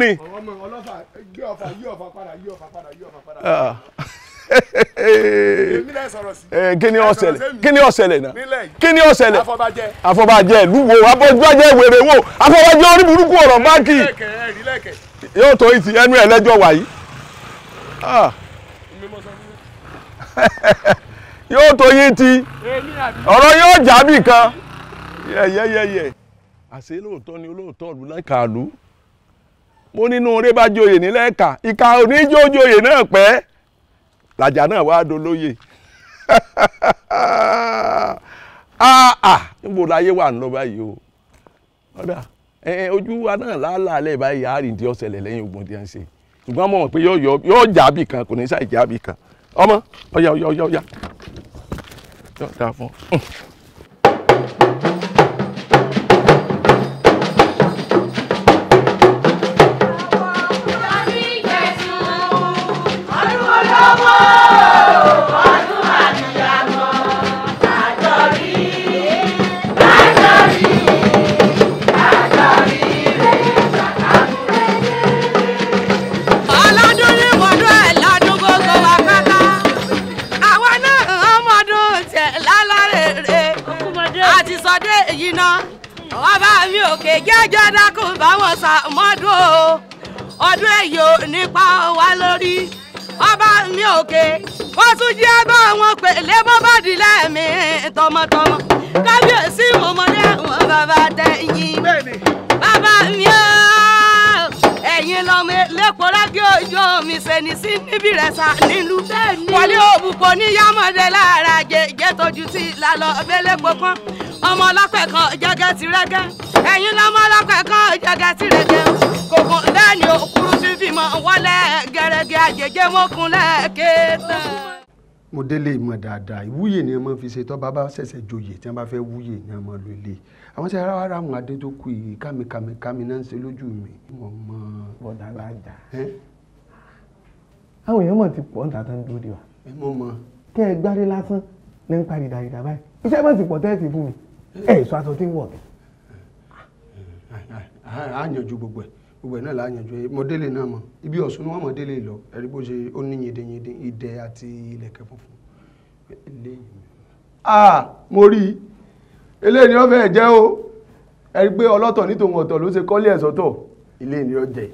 ah. eh, ni ó ṣẹlẹ̀ kí ni ó ṣẹlẹ̀ náà kí ni yóò tó ẹnu ah. yóò tó ti yóò jà bì kan lóòótọ́ ni olóòótọ́ mo nínú oore bá joyè nílẹ̀ ẹ̀ka ìka oníjójoyè náà pẹ́ làjà náà wá dolóyè níbo láyé wà ń lọ báyìí o ọ̀dà ojú wa náà lálàálẹ̀ báyìí àárìndí ọ̀sẹ̀lẹ̀ lẹ́yìn ogun tí wọ́n ń ṣe ṣùgbọ́n mo mọ̀ pé yóò jábì kan kò ní sáì jábì kan ọmọ ọ̀yà ọ̀yà ọ̀yà ọ̀yà yóò dáa fún ọ. èjì ọjọ́ dákun báwọn sàmọ́dún o ọdún èyí nípa wa lórí ọba mi òkè wọ́n tún jí ẹgbẹ́ wọn pèlè bó bá tọmọtọmọ kábíyèsí mo mọ ní àwọn bàbá tẹ̀yìn bàbá mi ó ẹ̀yin lọ́mọ elépo lágbé ojú omi ṣẹni sí níbi rẹ̀ sá nílùú wọlé òbúkọ níyàmọ̀dé lára jẹjẹ tójú tí lálọ́ ọbẹ̀ lẹ́pọ̀ ọmọ ọlọ́pẹ̀ kan jẹ́gẹ́ ti rẹ́gẹ́ ẹ̀yin lọ́mọ lọ́kẹ̀kọ́ jẹ́gẹ́ sírẹ̀gẹ́ kòkò lẹ́ni òkúrú sí fìmọ̀ wọlé gẹ́rẹ́gẹ́ àjèjé mọ́kúnlẹ̀ kéta. mo délé ìmọ̀ dáadáa ìwúyè ni wọ́n fi ṣe tọ́ bàbá ṣẹ̀ṣẹ̀ joyè tí wọ́n bá fẹ́ wúyè ni wọ́n lu ilé àwọn tí ara ara àwọn adé tó kù yìí kámikámi kámi náà ń ṣe lójú mi. ọmọ bọ́dà lájà àwọn èèyàn mọ̀ ti pọ̀ níta tán dúró de wa. ẹ mọ̀ mọ̀. kẹ́ ẹ gbárí lásán ní ń parí dàrídà báyìí iṣẹ́ mọ̀ ti pọ̀ tẹ́ẹ̀sì fún mi ẹ̀ sọ aṣọ tí ń wọ̀ kẹ́ á yanjú gbogbo ẹ̀ gbogbo ẹ̀ náà là á yanjú ẹ̀ mọ̀délé náà mọ̀ ibi Ọ̀ṣun ni wọ́n mọ̀délé lọ ẹ̀rí bó ṣe ó ní yedeyede idẹ àti ilẹ̀kẹ̀ funfun ah mo rí eléyìí ni wọ́n fẹ́ẹ̀ jẹ́ o ẹ̀rí pé ọlọ́tọ̀ ní tòun ọ̀tọ̀ ló ṣe kọ́lé ẹ̀ sọ́tọ̀ ilé ni ó jẹ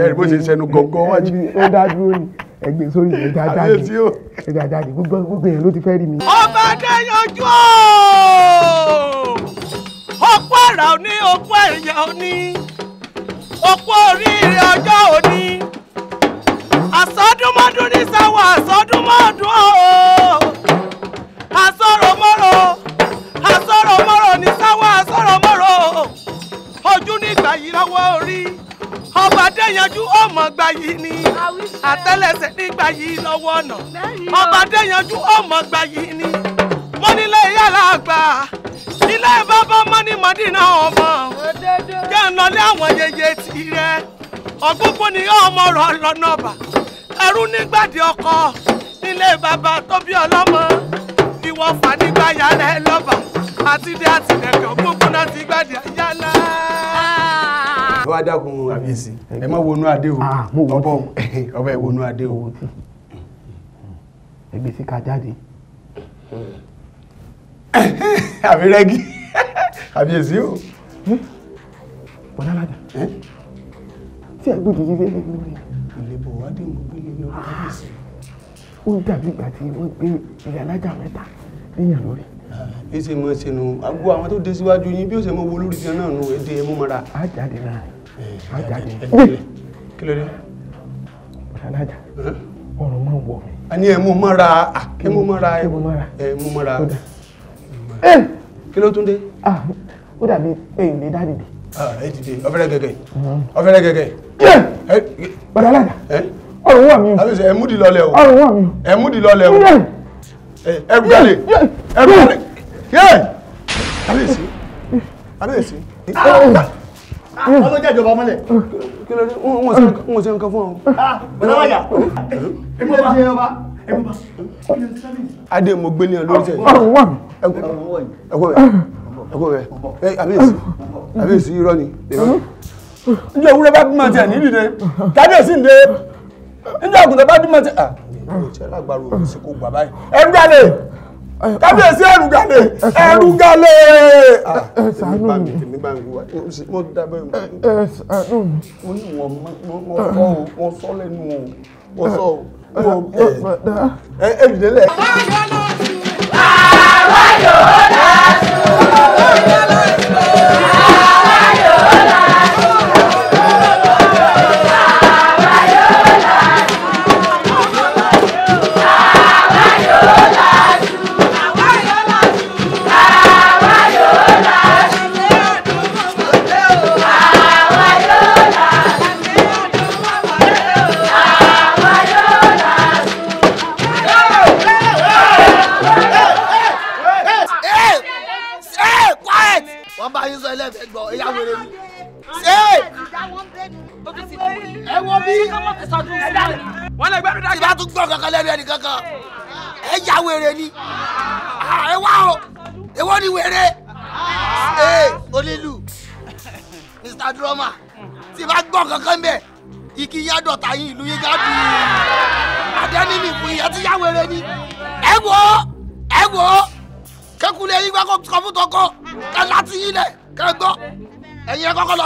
ẹ̀rí bó ṣe sẹnu gọ̀ọ̀gọ̀ wájú. ó dá dúró ni ẹgbẹ́ sórí ẹ̀dá jáde ẹ̀dá jáde gbogbo èèyàn ló ti fẹ́ rí mi. ọba dẹ́yànjú ooo. àrà òní okú ẹ̀yà òní okú oríire ọjọ́ òní àsọdúnmọ́dún ní sáwọ àsọdúnmọ́dún ọ̀ọ́ àsọ̀rọ̀mọ́rọ̀ àsọ̀rọ̀mọ́rọ̀ ní sáwọ́ àsọ̀rọ̀mọ́rọ̀ ojú nígbà yìí lọ́wọ́ orí ọba adéyanjú ọmọ ni ọba adéyanjú ọmọ ilé bàbá mọ́ni mọ́dínà ọmọ jẹ́ ń lọlé àwọn yeye tirẹ̀ ọ̀gbọ́gbọ́ ni ọmọ rọ̀ lọ́nà bà ẹrú nígbàdí ọkọ nílé bàbá tó bí ọlọ́mọ ìwọ fà nígbà yàrá ẹ lọ́bà àti dé àtìlẹ́kẹ̀ ọ̀gbọ́gbọ́ náà ti gbàdí ayálà. ẹ wá dákun àbíyèsí ẹ má wọnú adé o ah, ọbọ ọbẹ wọnú adé o. ẹgbẹ́ sí ká jáde. àbí rẹ́gí àbí èsì o. bọ́dá lájà tí ẹgbẹ́ òjijì lé lé lórí. ìlébò wádìí mo gbé lé lórí kábíyèsí. ó dàbí ìgbà tí wọ́n gbé ìyá alájà mẹ́ta léèyàn lórí. Ah, bí ṣe mọ ṣe nu agbo àwọn tó dé síwájú yín bí ó ṣe mọ wo lórí tiẹ̀ náà nu èdè ẹ̀ mú mọ́ra. á jáde náà á jáde. kí ló dé. ọ̀rọ̀ máa wọ̀ mí. a ní ẹ̀ mú mọ́ra ah, ẹ̀ mú mọ́ra ẹ̀ mú mọ́ra. Eh! kí ló tún dé. Ah, ó dàbí pé ìlé dá dìde. Ah, ẹ dìde ọfẹrẹ gẹgẹ ọfẹrẹ gẹgẹ. Eh! Eh! bàdà alága ọrùn wà mí o. àbẹ̀sẹ̀ ẹ̀múdì lọlẹ̀ o. ọrùn wà mí o. ẹ̀múdì lọlẹ̀ o. ẹgbẹ́lẹ̀ ẹgbẹ́lẹ̀ yẹ àbẹ̀sẹ̀ àbẹ̀sẹ̀. ọlọ́jà ìjọba mọ́lẹ̀. kí ló dé wọ́n ṣe nǹkan fún ọ. Ah! bàdà alága èmi ò bá ẹ bá kí ló ń tẹ́lẹ̀ mi. adé mo gbé ní ọ lórí sẹ́yìn. ọ̀rọ̀ wà mí. ẹ̀kọ́ rẹ̀ ẹ̀kọ́ rẹ̀ ẹ̀ àbíyèsí àbíyèsí irọ́ ni. ǹjẹ́ òwúrọ̀ bá bímọ tiẹ̀ nídìí dé kábíyèsí ń dé ǹjẹ́ àgùntàn bá bímọ tiẹ̀. ẹ̀rù gàlè kábíyèsí ẹ̀rù gàlè ẹ̀rù gàlè. ẹ ṣàánú mi mo dábẹ́ mi. ẹ ṣàánú mi. mo ní wọn mo sọ lẹ́nu wọn mo sọ ẹ ẹ ẹ ẹ ẹ ẹ ẹ ẹ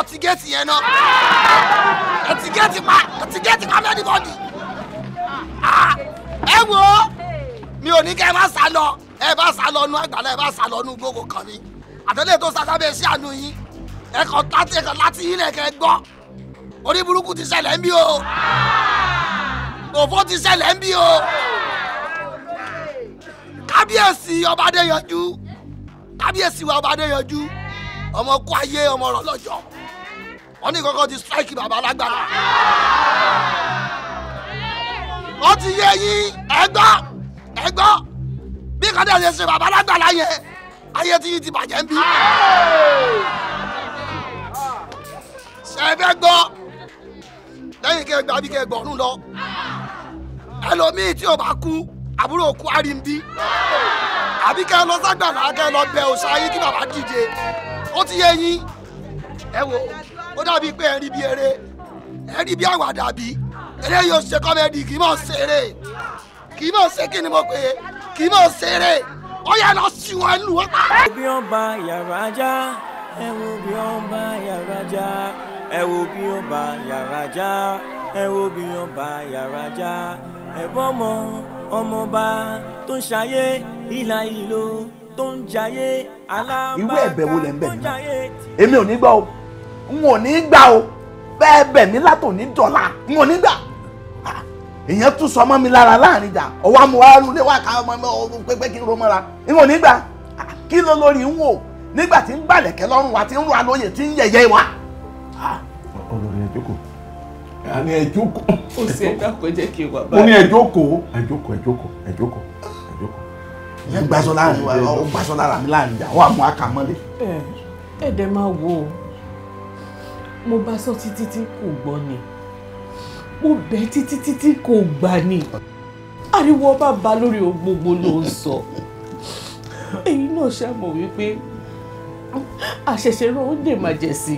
up ti géètì yẹn náà ẹ ti géètì pa ẹ ti géètì pa mẹ́rin bọ́ọ̀dì ah, ẹ wò ó mi ò ní kẹ́ ẹ má sá lọ ẹ bá sá lọ nu àgbàlá ẹ bá sá lọ nu gbogbo kan mi àtẹlẹ tó sá sábẹ́ iṣẹ́ àánú yín ẹ kàn láti ẹ kàn láti yín lẹkẹ gbọ́ orí burúkú ti ṣẹlẹ̀ ń bí o òfò ti ṣẹlẹ̀ ń bí o kábíyèsí ọba adéyanjú kábíyèsí wa ọba adéyanjú ọmọ kó ayé ọmọ rọ lọ́jọ́ wọ́n ní kọ́kọ́ ti strike bàbá alágbára. wọ́n ti yé yín ẹgbọ́ ẹgbọ́ bí kọ́dà ṣe ṣe bàbá alágbára yẹn ayé tí yín ti bàjẹ́ ń bí. ṣẹ̀fẹ̀ gbọ́ lẹ́yìn kẹ́ gbà bí kẹ́ gbọ̀ọ́nù lọ ẹlòmíì tí o bá kú àbúrò kú àríndí àbí kẹ́ lọ ságbàlá kẹ́ lọ bẹ òṣà yín kí bàbá díje ó ti yé yín ẹ wò ó ó dàbí pé ẹ rí bí eré ẹ rí bí àwàdà bí eré yóò ṣe kọ́mẹ́dì kì í mọ̀ ṣeré kì í mọ̀ ṣe kí ni mo pè é kì í mọ̀ ṣeré ó yẹ lọ sí wọn lù wọ́n pa. bí bá yàrá já ẹ wo bí wọ́n bá yàrá já ẹ wo bí wọ́n bá yàrá já ẹ wo bí wọ́n bá yàrá já ẹ mọ́ ọmọọba tó ń ṣayé ìlà ìlò tó ń jayé alábàá tó ń jayé. ìwé ẹ̀bẹ̀ wo lẹ̀ ń bẹ̀ nínú èmi ò ní gbọ́ o. n ò ní o bẹ́ẹ̀ bẹ̀ mí látòní dọ̀la n ò ní gbà ah, èèyàn tún sọ mọ́ mi lára láàrin ìjà ọwọ́ lé wà ká ọmọ kí n ro mọ́ra n ò ní gbà ah, kí ló lórí wò nígbà tí ń gbàlẹ̀kẹ́ lọ́rùn wa ti ń ro alóye ń wa. sì ah. wà báyìí. mo bá sọ títí tí kò gbọ́ ni mo bẹ̀ títí títí kò gbà ni ariwo ọba ba lórí gbogbo ló ń sọ èyí náà ṣàmọ̀ wípé àṣẹ̀ṣẹ̀ rán ó dè máa jẹ sí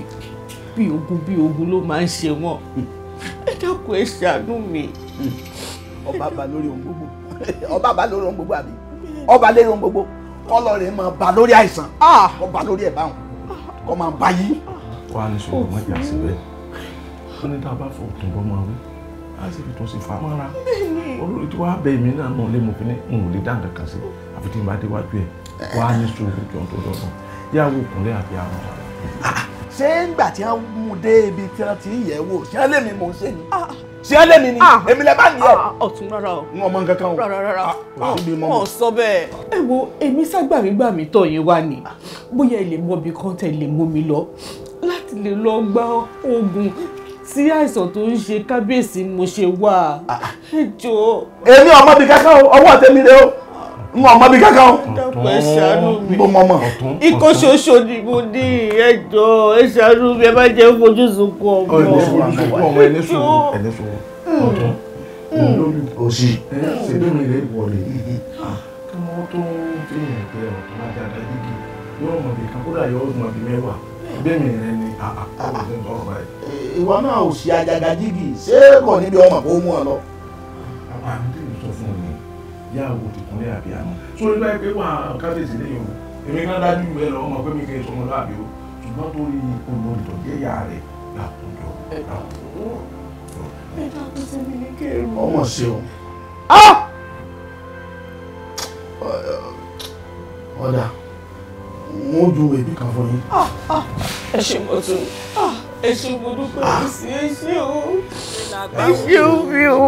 bí ogun bí ogun ló máa ń ṣe wọn ẹ dákun ẹ ṣàánú mi. ọba ba lórí ohun gbogbo ọba ba lórí ohun gbogbo àbí ọba lórí ohun gbogbo kọlọ rẹ máa ba lórí àìsàn ah! ọba lórí ẹ báwọn kọ máa ba yìí wà á ní sọ̀rọ̀ má jà síbẹ̀ ó ní tá a bá fọ òkun bọ́ máa wí á sì fi tó sí fa mọ́ra olórí tí wàá bẹ èmi náà náà lé mo fi ní n ò lè dá nǹkan kan sí àfi tí n bá déwájú ẹ wà á ní sọ̀rọ̀ jọ̀ọ́ tó lọ́nà yà wò kúnlẹ̀ àbí àwọn ọ̀rẹ́ ah, ṣé ńgbà tí wọ́n mú dé ibi tí wọ́n ti ń yẹ̀ wò ṣé lèmi mò ń ṣe ni ah. ṣé lèmi ni ah. èmi lè bá nìyẹn. ọ̀tún rárá o n ọmọ nǹkan kan o rárá rárá ọ̀ sọ bẹ́ẹ̀. ẹ wo èmi ságbàmígbàmí tọ̀ yín wá ni bóyá ẹ lè kan tẹ̀ lè mú mi lọ láti lè lọ gba oògùn tí àìsàn tó ń ṣe kábíyèsí mo ṣe wà ah, ah. ẹ jọ̀ọ́. èmi ọmọ bíi kankan ọwọ́ tèmi rẹ o n ò mọ bí kankan o. dàpọ̀ ẹ ṣàánú mi mo mọ mọ. ikọ̀ ṣoṣo ni mo ní ẹjọ́ ẹ ṣàánú mi ẹ má jẹ́ fojú sunkún ọmọ. ẹ ní sùúrù ọmọ ẹ ní sùúrù ẹ ní sùúrù ọ̀tún olórí òsì ṣèdúnmí rẹ wọlé yìí hmm, hmm. ah, kí wọn tó ń fi hàn pé ọ̀tún má dáadáa yìí yóò mọ bí kankan kódà yóò mọ bí mẹ́wàá bẹ́ẹ̀ni rẹ ni ah, ah, ìwọ náà ò ṣe àjàgà jígì ṣé kò níbi ọmọ kó mú ọ lọ. àwọn àmì tèmi sọ fún mi yá wo tìkúnlẹ̀ àbí àmọ́ sórí báyìí pé wà kábíyèsí lẹ́yìn o èmi náà dájú ìwé lọ ọmọ pé mi kì í sọmọ láàbí o ṣùgbọ́n torí olú ìtọ́jẹ́ ìyá rẹ̀ làkùnjọ làkùnjọ. ẹ dákun sí mi ní kéèrú. ọmọ ṣe o. Ah! ọ̀dà wọ́n ju èbí kan fún yín. Ah, ah. ẹ ṣe mo tún ah, ẹ ṣe mo dúpẹ́ mi sí ẹ ṣe o ẹ ṣe o mi o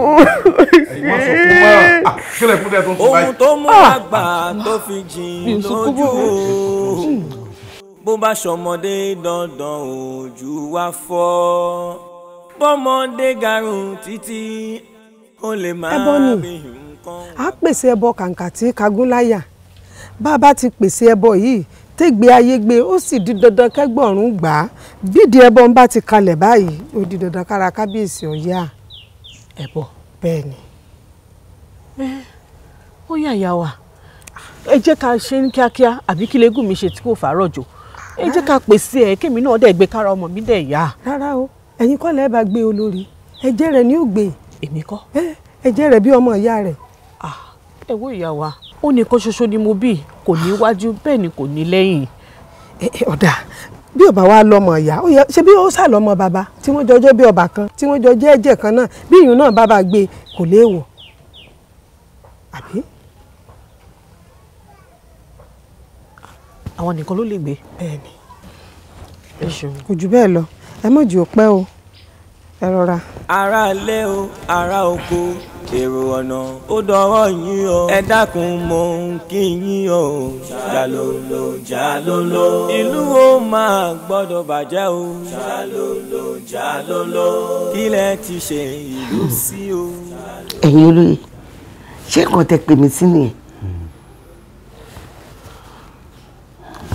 ohun tó mú àgbà tó fi jìn lójú o hmm. bó bá ṣọmọdé dandan ojú wa fọ́ bọ́mọdé garun títí ó lè máa bí nǹkan. a pèsè ẹbọ kàǹkà tí kagúnláyà bá a bá ti pèsè ẹbọ yìí tẹ́gbẹ́ ayé gbé ó sì di dandan kẹ́gbọ̀rún gbà á bídìí ẹbọ ń bá ti kalẹ̀ báyìí ó di dandan kára kábíyèsí ọ̀yá ẹbọ bẹ́ẹ̀ ni. ó yà yà wá ẹ jẹ́ ká ṣe ní kíákíá àbí kí lẹ́gùn mi ṣe tí kò fàárọ̀ jò ẹ jẹ́ ká pèsè ẹ kémi náà dẹ̀ gbé kára ọmọ mi dẹ̀ yá. rárá o ẹ̀yin kọ́ lẹ́ẹ̀ bá gbé olórí ẹ̀jẹ̀ rẹ̀ ni ó gbé. èmi kọ́. ẹ̀jẹ̀ rẹ̀ bí ọmọ ìyá rẹ̀. ẹ wo ìyá wa ó nìkan ṣoṣo ni mo bí kò ní iwájú bẹ́ẹ̀ ni kò ní lẹ́yìn. Eh, eh, ọ̀dà bí ọba wa lọmọ ìyá ó yẹ ṣe bí ó sà lọmọ bàbá tí wọ́n jọjọ bí ọba kan tí wọ́n jọjọ ẹ̀jẹ̀ kan náà bí ìyún náà bàbá gbé kò léèwọ̀ àwọn nìkan ló lè gbé. bẹ́ẹ̀ni ojú bẹ́ẹ̀ lọ ẹ mọ̀ jù ó pẹ́ o ẹ rọra. ará o ará oko èrò ọ̀nà ó dọ̀rọ̀ yín o ẹ dákun mọ kí yín o. jalolo jalolo. ìlú ó máa gbọ́dọ̀ bàjẹ́ o. jalolo jalolo. kílẹ̀ ti ṣe ìlú sí o. ẹ̀yin olóye ṣé nǹkan tẹ pè mí sí nìyẹn.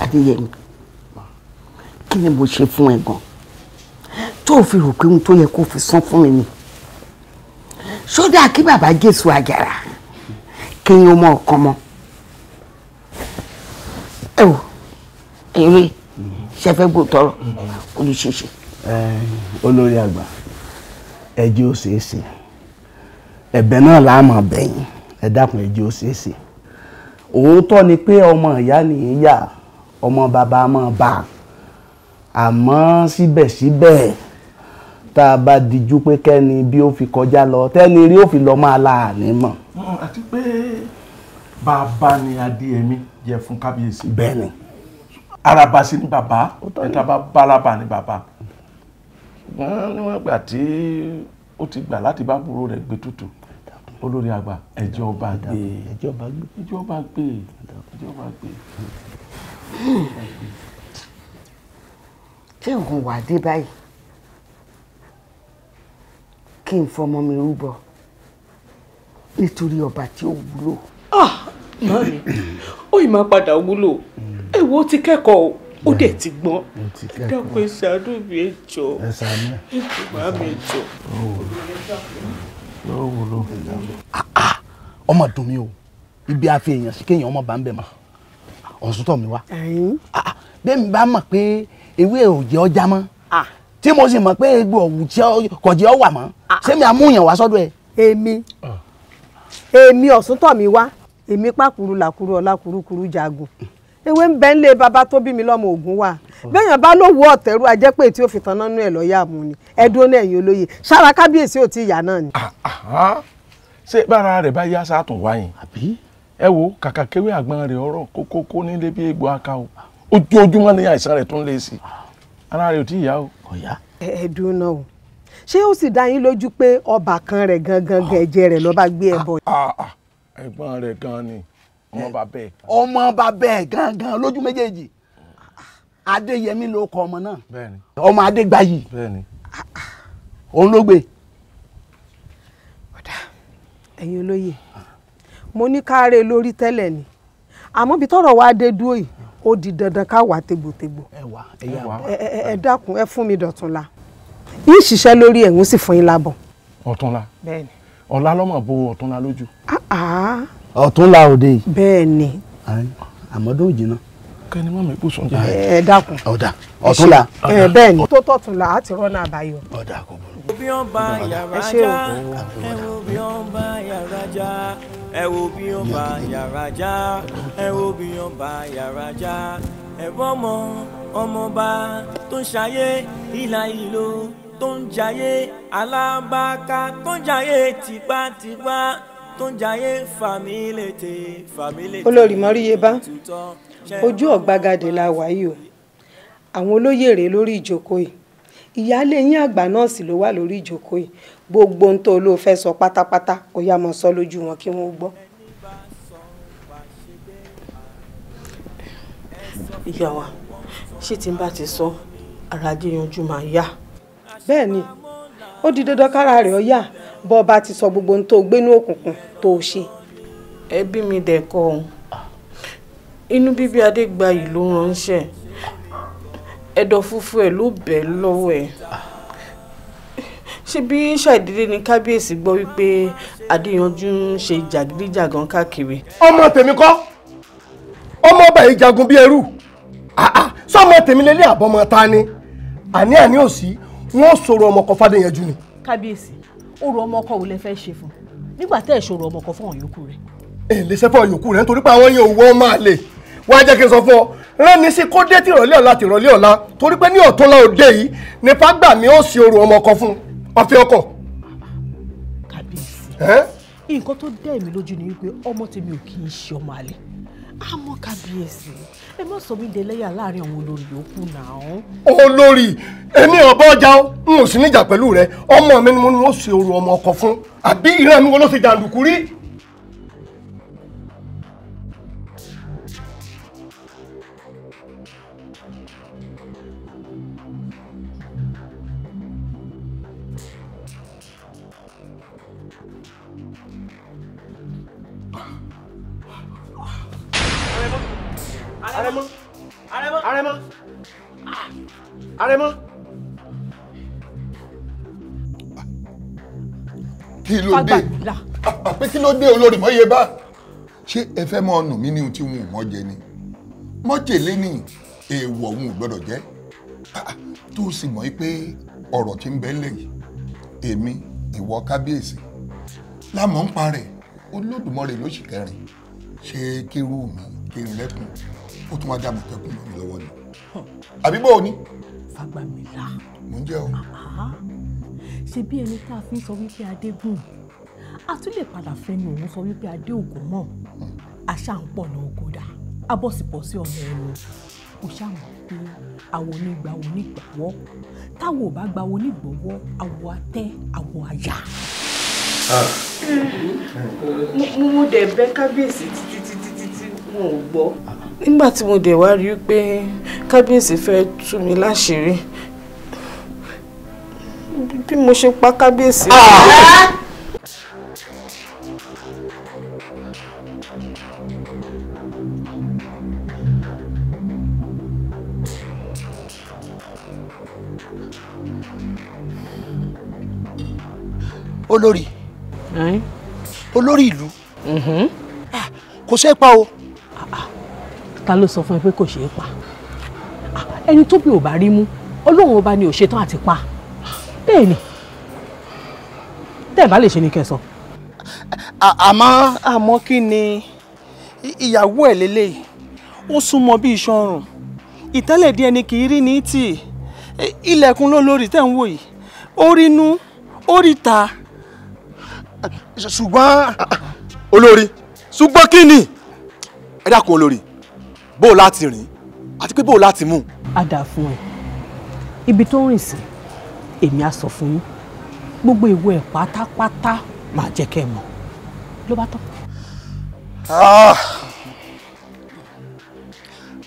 adéyẹmí kí ni mo ṣe fún ẹ gan-an tó fi rò pé ohun tó yẹ kó fi san fún mi ni sódà kí bàbá jésù àjàrà kéèyàn ọmọ ọkàn mọ ẹ wò eré ṣẹfẹ gbò tọrọ olùṣèṣe. olórí àgbà ẹjẹ ó ṣeé ṣe ẹ̀bẹ̀ náà la máa bẹ̀yín ẹ dákun ẹjẹ ó ṣeé ṣe òótọ́ ni pé ọmọ ìyá nìyí yá ọmọ bàbá máa bá àmọ́ síbẹ̀síbẹ̀. Si tá a bá dijú pé kẹ́ni bí ó fi kọjá lọ tẹ́ni rí ó fi lọ máa la àní mọ̀. àti pé bàbá ni adéyẹmí jẹ fún kábíyèsí. bẹ́ẹ̀ni. araba sí ni bàbá ẹ̀ka bá bálaba ni bàbá. ṣùgbọ́n níwọ̀n ìgbà tí ó ti gbà láti bá búrò rẹ̀ gbé tútù olórí àgbà ẹjọ́ ọba gbé ẹjọ́ ọba gbé ẹjọ́ ọba gbé ẹjọ́ ọba gbé. tí oògùn wà dé báyìí kí n fọmọ mi rúbọ nítorí ọba tí ó wúlò. Ah, mami ó yìí máa padà wúlò ẹ hmm. wo ti kẹ́kọ̀ọ́ ó dẹ̀ ti gbọ́n dákun ìṣàánú mi ẹ jọ ẹ jọ mami ẹ jọ. yóò wúlò. Ah, ah, ọmọ dùn mí o ibi àfi èèyàn sí kéèyàn ọmọ bá ń bẹ̀ mọ́ ọ̀sùn tọ̀ mi wá bẹ́ẹ̀ mi bá mọ̀ pé ewé òjẹ́ ọjà mọ́. tí mo sì mọ̀ pé egbò ọ̀wù tí kọ̀jẹ́ ọ wà mọ́ sẹ́mi ah. àmúyàn wá sọ́dọ̀ ẹ̀. èmi ah. èmi ọ̀sùn mi wá èmi pàkúrú làkúrú ọ̀làkúrúkúrú jago ewé ń bẹ ń lé bàbá tó bí mi lọ́mọ wà ah. bẹ́ẹ̀yàn bá ọ̀tẹ̀rú tí ó fi tan ẹ̀ mu ni ẹ̀dùn náà ẹ̀yìn olóye kábíyèsí ò tí náà ni. ṣé bára rẹ̀ bá yá ọ̀yá. ẹ dùn náà o ṣé ó sì dá yín lójú pé ọba kan rẹ̀ gangan ẹ̀jẹ̀ rẹ̀ lọ́ba gbé ẹbọ. Ah, ah, ah. ẹ̀gbọ́n rẹ̀ gan ni ọmọ bàbá ẹ̀. ọmọ bàbá ẹ̀ gangan lójú méjèèjì adéyẹmí ló kọ ọmọ náà ọmọ adégbáyì òun ló gbé. ọ̀dà ẹ̀yin olóye mo ní káre lórí tẹ́lẹ̀ ni àmọ́ bí tọ́rọ̀ wa dé dúró yìí ó di dandan ká wà tegbòtegbò ẹ dákun ẹ fún mi dọ̀túnla yín ṣiṣẹ́ lórí ẹ̀hún sì fún yín lábọ̀. ọ̀túnla ọ̀la lọ́mọ̀ bo ọ̀túnla lójú. Ah, ah. ọ̀túnla òde yìí. bẹ́ẹ̀ ni. àmọ́dún òjì náà kẹ́ni má mi kú sùn jáde. ẹ dákun ọ̀dà ọ̀túnla. ẹ bẹ́ẹ̀ ni tó tọ̀túnla á ti rọ́nà àbáyọ. ọ̀dà kò burú. obi ọ̀n bá yàrá já ẹ wo bí ọ̀n bá yàrá já ẹ wo bí ọ̀n bá yàrá já ẹ wo bí ọ̀n bá yàrá já ẹ bọ́ ọmọ ọmọọba tó ń ṣayé ìlà ìlò tó ń jayé alábàáká tó ń jayé tipátipá tó ń jayé fàmílété fàmílété. olórí mọ́rí yé bá ojú ọ̀gbagadè la wà yìí o àwọn olóyè rèé lórí ìjókòó yìí ìyáálé yín àgbà náà sì ló wà lórí ìjókòó yìí gbogbo ohun tó ló fẹ́ sọ pátápátá ó yá mọ́ sọ lójú wọn kí wọ́n gbọ́. ìyá wa ṣé tí n bá ti sọ ara jíyanjú máa yá. bẹ́ẹ̀ ni ó di dandan kára rẹ̀ ó yá bọ́ ọ bá ti sọ gbogbo ohun tó gbénú òkùnkùn tó ṣe. ẹbí mi dẹ̀ kọ́ ọ̀hún inú bíbí adégbàyí ló ránṣẹ́ ẹ̀dọ̀ fúnfún ẹ̀ ló bẹ̀ lọ́wọ́ ẹ̀ ṣe bí ṣàìdédé ni kábíyèsí gbọ́ wípé adéyanjú ń ṣe jàgídíjàgan káàkiri. ọmọ tèmi kọ́ ọmọ ọba yìí jagun bíi ẹrú sọmọ tèmi lélẹ̀ àbọ̀mọ ta ni àní àní òsì wọn sọ̀rọ̀ ọmọ kan fàdéyanjú ni. kábíyèsí orò ọmọ ọkọ wo lẹ fẹ́ ṣe fún nígbà tẹ́ ẹ̀ sọ̀rọ̀ ọmọ kan fún ọ̀yọ́kù rẹ̀. èlé sẹ́fọ̀ ọ̀yọ́kù rẹ̀ nítorí pé àwọn yẹn ò wọ́n máa lè. wa jẹ́ kí n sọ fún ọ rán mi sí kó dé tí ìrọ̀lẹ́ ọ̀la tí ìrọ̀lẹ́ ọ̀la torí pé ní ọ̀túnla òde yìí nípa gbà mí ó sì orò ọmọ ọkọ fún ọfẹ ọkọ̀. nǹkan tó ni wípé ọmọ tèmi ò kì í ṣe ọmọ àmọ́ ẹ má sọ mí ọjà n ò rẹ ọmọ mi ni mo fún àbí ìran mi wo ló Àrẹ̀mọ. Àrẹ̀mọ. Àrẹ̀mọ. Àrẹ̀mọ. Kí ló dé? Àpé ah, kí ló dé olórí mọ́ iye bá? Ṣé ẹ fẹ́ mọ ọ̀nà mi ní ohun tí wọn ò mọ jẹ ni? Mọ́jèlé ni èèwọ̀ òun ò gbọ́dọ̀ jẹ́. Ah, ah, tó sì mọ̀ pé ọ̀rọ̀ tí ń bẹ lẹ́yìn èmi ìwọ kábíyèsí lámọ̀ ń parẹ̀ Olódùmarè lóṣù kẹrin ṣé kírú mi kí n ó tún wá já mọ̀tẹ́kùn lórí lọ́wọ́ ni àbí bó o ní. fàgbà mi là. mò ń jẹ́ o. ṣe bí ẹni tá a fi ń sọ wípé adégún a tún lè padà fẹnu òun sọ wípé adé ògùn mọ́ àṣà ń pọ̀ náà kó dà abọ́sibọ́sí ọmọ ẹ̀rọ kò ṣàmọ̀ pé àwọn onígbà onígbàwọ́ táwọn ò bá gba onígbọ̀wọ́ àwọ̀ atẹ́ àwọ̀ àyà. Ah. Mm-hmm. mo mo dẹ̀ bẹ̀ kábíyèsí títí wọn ò gbọ́. nígbà tí mo dẹ̀ wá rí i pé kábíyèsí fẹ́ tú mi láṣìírí bí mo ṣe pa kábíyèsí. Ah! olórí olórí ìlú mm-hmm. ah, kò ṣe pa o ta ló sọ fún ẹ pé kò ṣeé pa ẹni tó bí ò bá rí mú ọlọ́run ọba ni ò ṣetán àti pa bẹ́ẹ̀ ni tẹ́ ẹ̀ bá lè ṣe ni kẹsàn. àmọ́ àmọ́ kí ni ìyàwó ẹ̀ lélẹ́yìí ó súnmọ́ bí iṣan ọrùn ìtẹ́lẹ̀ díẹ̀ ni kì í rí ní tì e, ilẹ̀kùn ló lórí tẹ̀ ń wò yìí ó rí inú ó rí ta. ṣùgbọ́n olórí ṣùgbọ́n kí ni ẹ dákun olórí bó o láti rìn àti pé bó o láti mú. a dà fún ẹ ibi tó ń rìn sí èmi á sọ fún yín gbogbo ìwé ẹ pátápátá màá jẹ́ kẹ́ ẹ mọ̀ ló bá tán. Ah!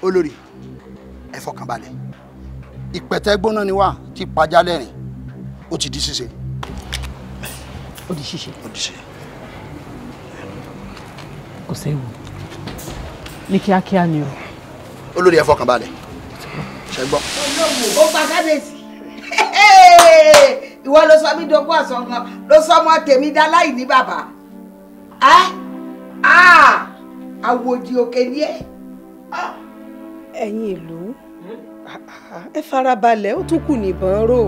olórí ẹ fọkànbalẹ̀ ìpẹ̀tẹ́ ni wá ti pàjá lẹ́rìn ó ti di ṣíṣe. ó di ṣíṣe. ó di ṣíṣe. kò séwu ní kíákíá ni o olórí ẹ fọkàn balẹ̀ ṣe gbọ́. olóògùn ó pa kábíyèsí ìwọ ló sọ mí dogún àsọ̀ngàn ló sọ ọmọ tèmi dá láì ní bàbá ẹ àwòdì òkè ni ẹ. ẹ̀yin ìlú ẹ farabalẹ̀ ó tún kù nìbọn rò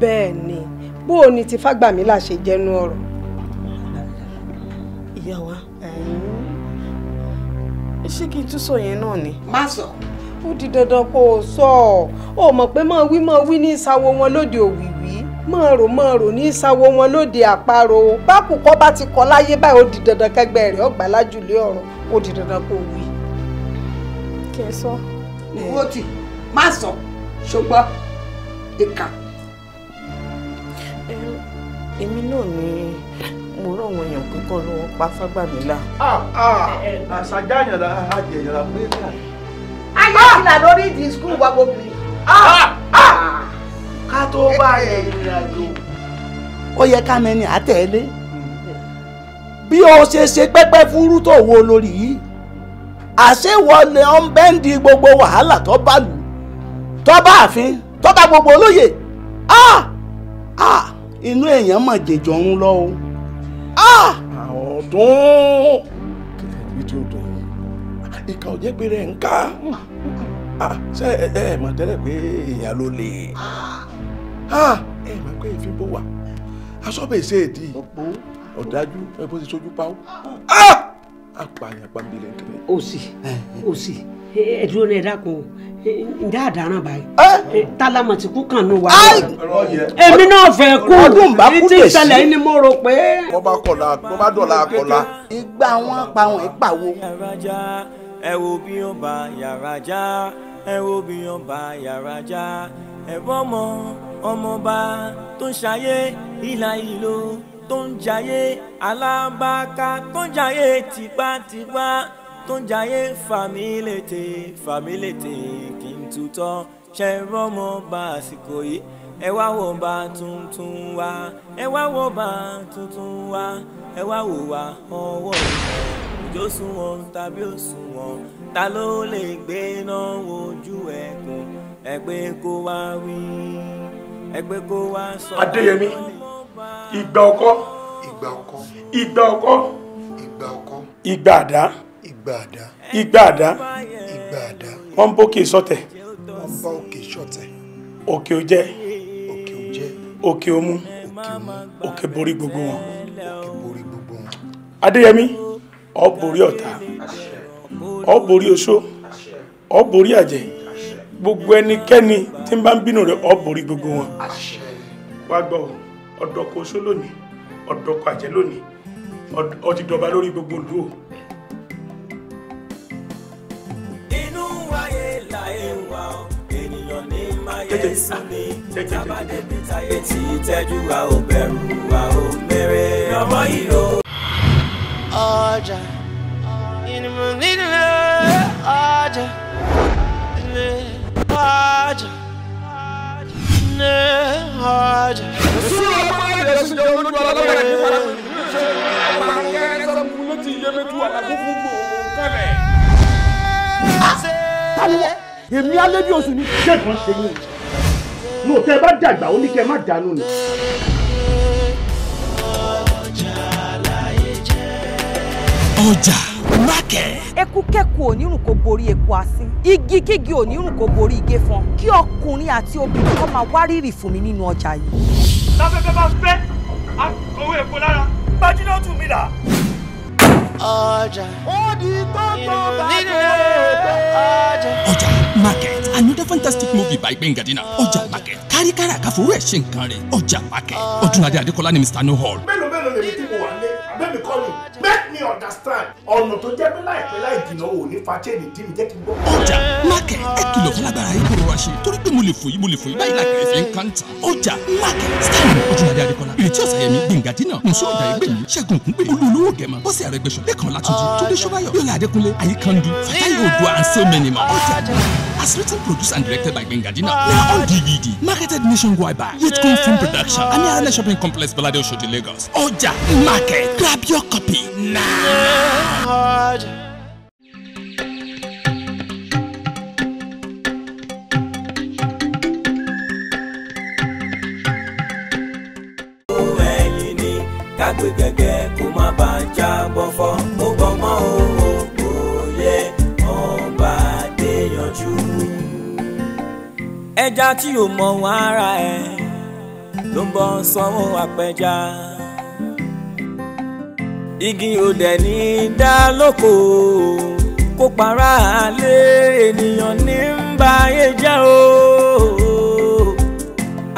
bẹ́ẹ̀ ni bó o ní ti fágbàmílà ṣe jẹnu ọ̀rọ̀ ìyá wa ṣé kí n tún sọ yẹn náà ni. má sọ. ó di dandan kó o sọ ọ ó mọ̀ pé máa wí máa wí ní ìsàwọ̀ wọn lóde òwìwí máa rò máa rò ní ìsàwọ̀ wọn lóde àparò bákùkọ́ bá ti kọ́ láyé báyìí ó di dandan kẹgbẹ́ rẹ̀ ọgbà lájúlé ọ̀run ó di dandan kó o wí. kí ẹ sọ. ìwọ tì má sọ ṣùgbọ́n ìkà. èmi náà ni mo rọ àwọn èèyàn kíkọ́ lọ́wọ́ pa fágbàmílà. Ah, ah, àṣàjáyàn la àjẹyàn la pé kà. ayé ìlà lórí ìdí skul wa gbogbo ah, ká tó bá yẹ ìrìn àjò. ó yẹ ká mẹ́ni àtẹ̀lé bí o ṣe ṣe pẹ́pẹ́ fúrú tó wo lórí yìí àṣewọ ni gbogbo wàhálà tó bá lù tó bá àfin tó bá gbogbo olóye inú èèyàn mọ̀ jèjọ́ ń lọ o. Ah! àwọn dùn kí tí ó dùn ìkà ò jẹ́ pé rẹ̀ ń ká ah, ṣe ẹ ẹ mọ̀ tẹ́lẹ̀ pé èèyàn ló lè ah, ẹ mọ̀ pé èéfín bó wà asọ́bẹ̀ ṣe èdè ọ̀dájú ẹ bó ti sojú pa ó apààyàn pàmìlẹ̀ kẹlẹ̀. ó sì ẹ dúró ní ẹ dákun ǹjẹ́ àdáràn báyìí tálámà ti kú kànú wa. èmi náà fẹ́ kú ìtì ìṣẹ̀lẹ̀ yìí ni mo rò pé. wọ́n bá kọ̀la wọ́n bá dọ̀la kọ̀la. ìgbà wọn pa wọn ìpà wo. ẹ wo bí wọn bá yàrá já ẹ wo bí wọn bá yàrá já ẹ̀bọ́n ọmọ ọmọọba tó ń ṣayé ìlà ìlò tó ń jayé alábàáká tó ń jayé tipátipá tó ń jayé fàmílété fàmílété kì í tutọ́ ṣe rọ́mọ bá àsìkò yìí ẹ wá wo bá tuntun wa ẹ wá wo bá tuntun wa ẹ wá wò wá ọwọ́ òjò sunwọ̀n tàbí òṣùwọ̀n ta ló lè gbé náà wojú ẹkùn ẹgbẹ́ kó wá wí ẹgbẹ́ kó wá sọ. Adéyẹmí ìgbà ọkọ ìgbà ọkọ ìgbà ọkọ ìgbà ọkọ ìgbà àdá ìgbà àdá. ìgbà àdá. ìgbà àdá. wọ́n ń bó kì í sọ̀tẹ̀. wọ́n ń bá òkè sọ̀tẹ̀. òkè ò jẹ́. òkè ò jẹ́. òkè ò mú. òkè ò mú. òkè borí gbogbo wọn. òkè borí gbogbo wọn. adéyẹmí ọ borí ọ̀tá ọ borí oṣó ọ borí àjẹ́ gbogbo ẹnikẹ́ni tí ń bá ń bínú rẹ ọ borí gbogbo wọn. wá gbọ́ ọ̀dọ́kọ̀ oṣó lónìí ọ̀dọ́kọ̀ àjẹ́ lónìí ó ti dọba lórí gbogbo ìlú o. láyé e wa o ènìyàn ní máyé súnmi tábàdé bí táyé tí tẹ́jú wa ò bẹ̀rù wa ò mèrè ọmọ yìí o. ọjà ìnumọ̀ nílé ọjà ilé ọjà ilé ọjà. ìṣúná ọmọ ilẹ̀ sí olójú ọlọ́pàá ẹ̀kú padà. ṣé ọmọ akẹ́kọ̀ọ́ múlò tí yẹmẹtu àlàkùn gbòòrò kẹlẹ̀ talilẹ̀ èmi alẹ́ bí oṣù ni. kẹ́kọ̀ọ́ ṣe yín mo tẹ́ bá dàgbà ó ní kẹ́ má dànù ni. ọjà mákẹ́. ekúkẹ́kù onírùn kò borí eku asín igikígi onírùn kò borí igé fọn kí ọkùnrin àti obìnrin kọ́ máa wárìrì fún mi nínú ọjà yìí. láfẹ́fẹ́ bá fẹ́ àkọ̀wé epo lára bájú tún mi rà ọjà. ó di gbogbo bàtò ọjà. market another fantastic movie by bengadina ọjà market kárí kára àkàfọwọ́ ẹ̀ ṣe nǹkan rẹ̀ ọjà market ọdúnladé adékọlá ni mr no hall. mélòó mélòó lè mi ti understand ọ̀nà tó jẹ́ pé láìpẹ́ láì jìnnà ò ní fa chain dí mi jẹ́ kí n gbọ́. ọjà mákẹ́ ẹ kìlọ̀ fún agbára yìí kò rọra ṣe torí pé mo lè fòyí mo lè fòyí báyìí làkà ẹ̀fẹ̀ ń kàn tà. ọjà mákẹ́ sítáìlì ojúmọ̀dé adékọ́lá ìrètí ọ̀sàyẹmí gbẹ̀ngà dínà mùsùn ọ̀dà ẹgbẹ̀mí ṣẹ́gun ògúngbẹ̀ olúolówó gẹ̀mà bọ́sẹ̀ àrẹ̀gbẹ̀ṣọ odua and so many more. ọjà as written produced and directed by Benga Dina. They are on DVD, marketed nationwide by Yitcon Film Production, and Arena Shopping Complex, Balade Oshodi, Lagos. Oja Market. Grab your copy now. Kagbe gẹ́gẹ́ kó má bàa jábọ́ fọ́, mo gbọ́ngbọ́n o, òye ọba adéyanjú. Ẹja tí o mọ̀ wọ́n ara ẹ̀ ló ń bọ́ sọ́wọ́ apẹja igi ò dẹ̀ ní dá lóko kó para lé ènìyàn ní ń ba ayé jẹ́ o.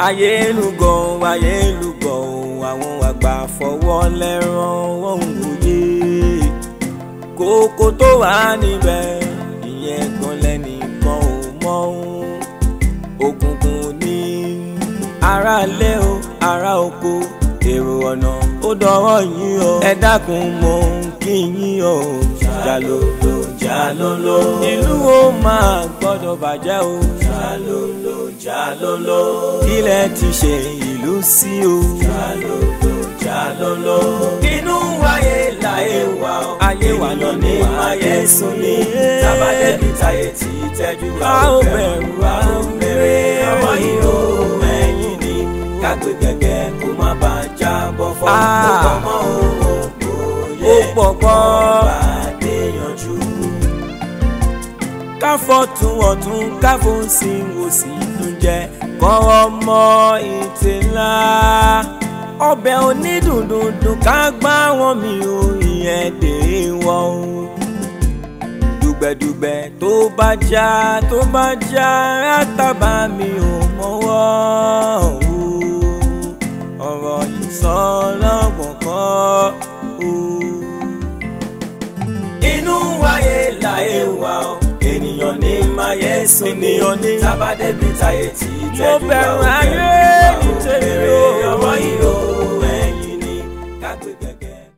ayé lùgọ̀ọ́ ayé lùgọ̀ọ́ àwọn àgbà fọwọ́ lẹ́rán wọ́n ń wòye kókó tó wà níbẹ̀ ìyẹn kan lẹ́nìkan ò mọ̀ ohun òkùnkùn ní aráalé o ará oko èrò ọ̀nà ó dọ̀rọ̀ yín o ẹ dákun mọ kí yín o jalolo jalolo ìlú ó máa gbọ́dọ̀ bàjẹ́ o jalolo jalolo kílẹ̀ ti ṣe ìlú sí o jalolo jalolo inú wáyé láyé wa o ayé wa lọ ní ayé sùn ní tábàdébí táyé tí tẹ́jú wa ó bẹ̀rù wa ó bẹ̀rẹ̀ ọmọ yìí ó ẹ̀yìn ni ká pé gẹ́gẹ́ kó má bàa. Ah. ó pọ̀ pọ̀ káfọ́tún ọ̀tún káfọ́n sí wò sí ìdúnjẹ kọ́wọ́ mọ ètè ńlá ọbẹ̀ onídùndùndùn ká gbá wọn mi ò ìyẹn dè wọ́n o dùgbẹ̀dùgbẹ̀ tó bá já tó bá já látàbà mi ò mọ́wọ́ sọlọ́gbọ̀n kọ́ o. inú wáyé láyé wa o ènìyàn ní mayẹ́sì ènìyàn ní tábàdébí táyé tí tẹ́jú wa o. mo bẹ̀rù ayé nítorí o ọmọ yìí o.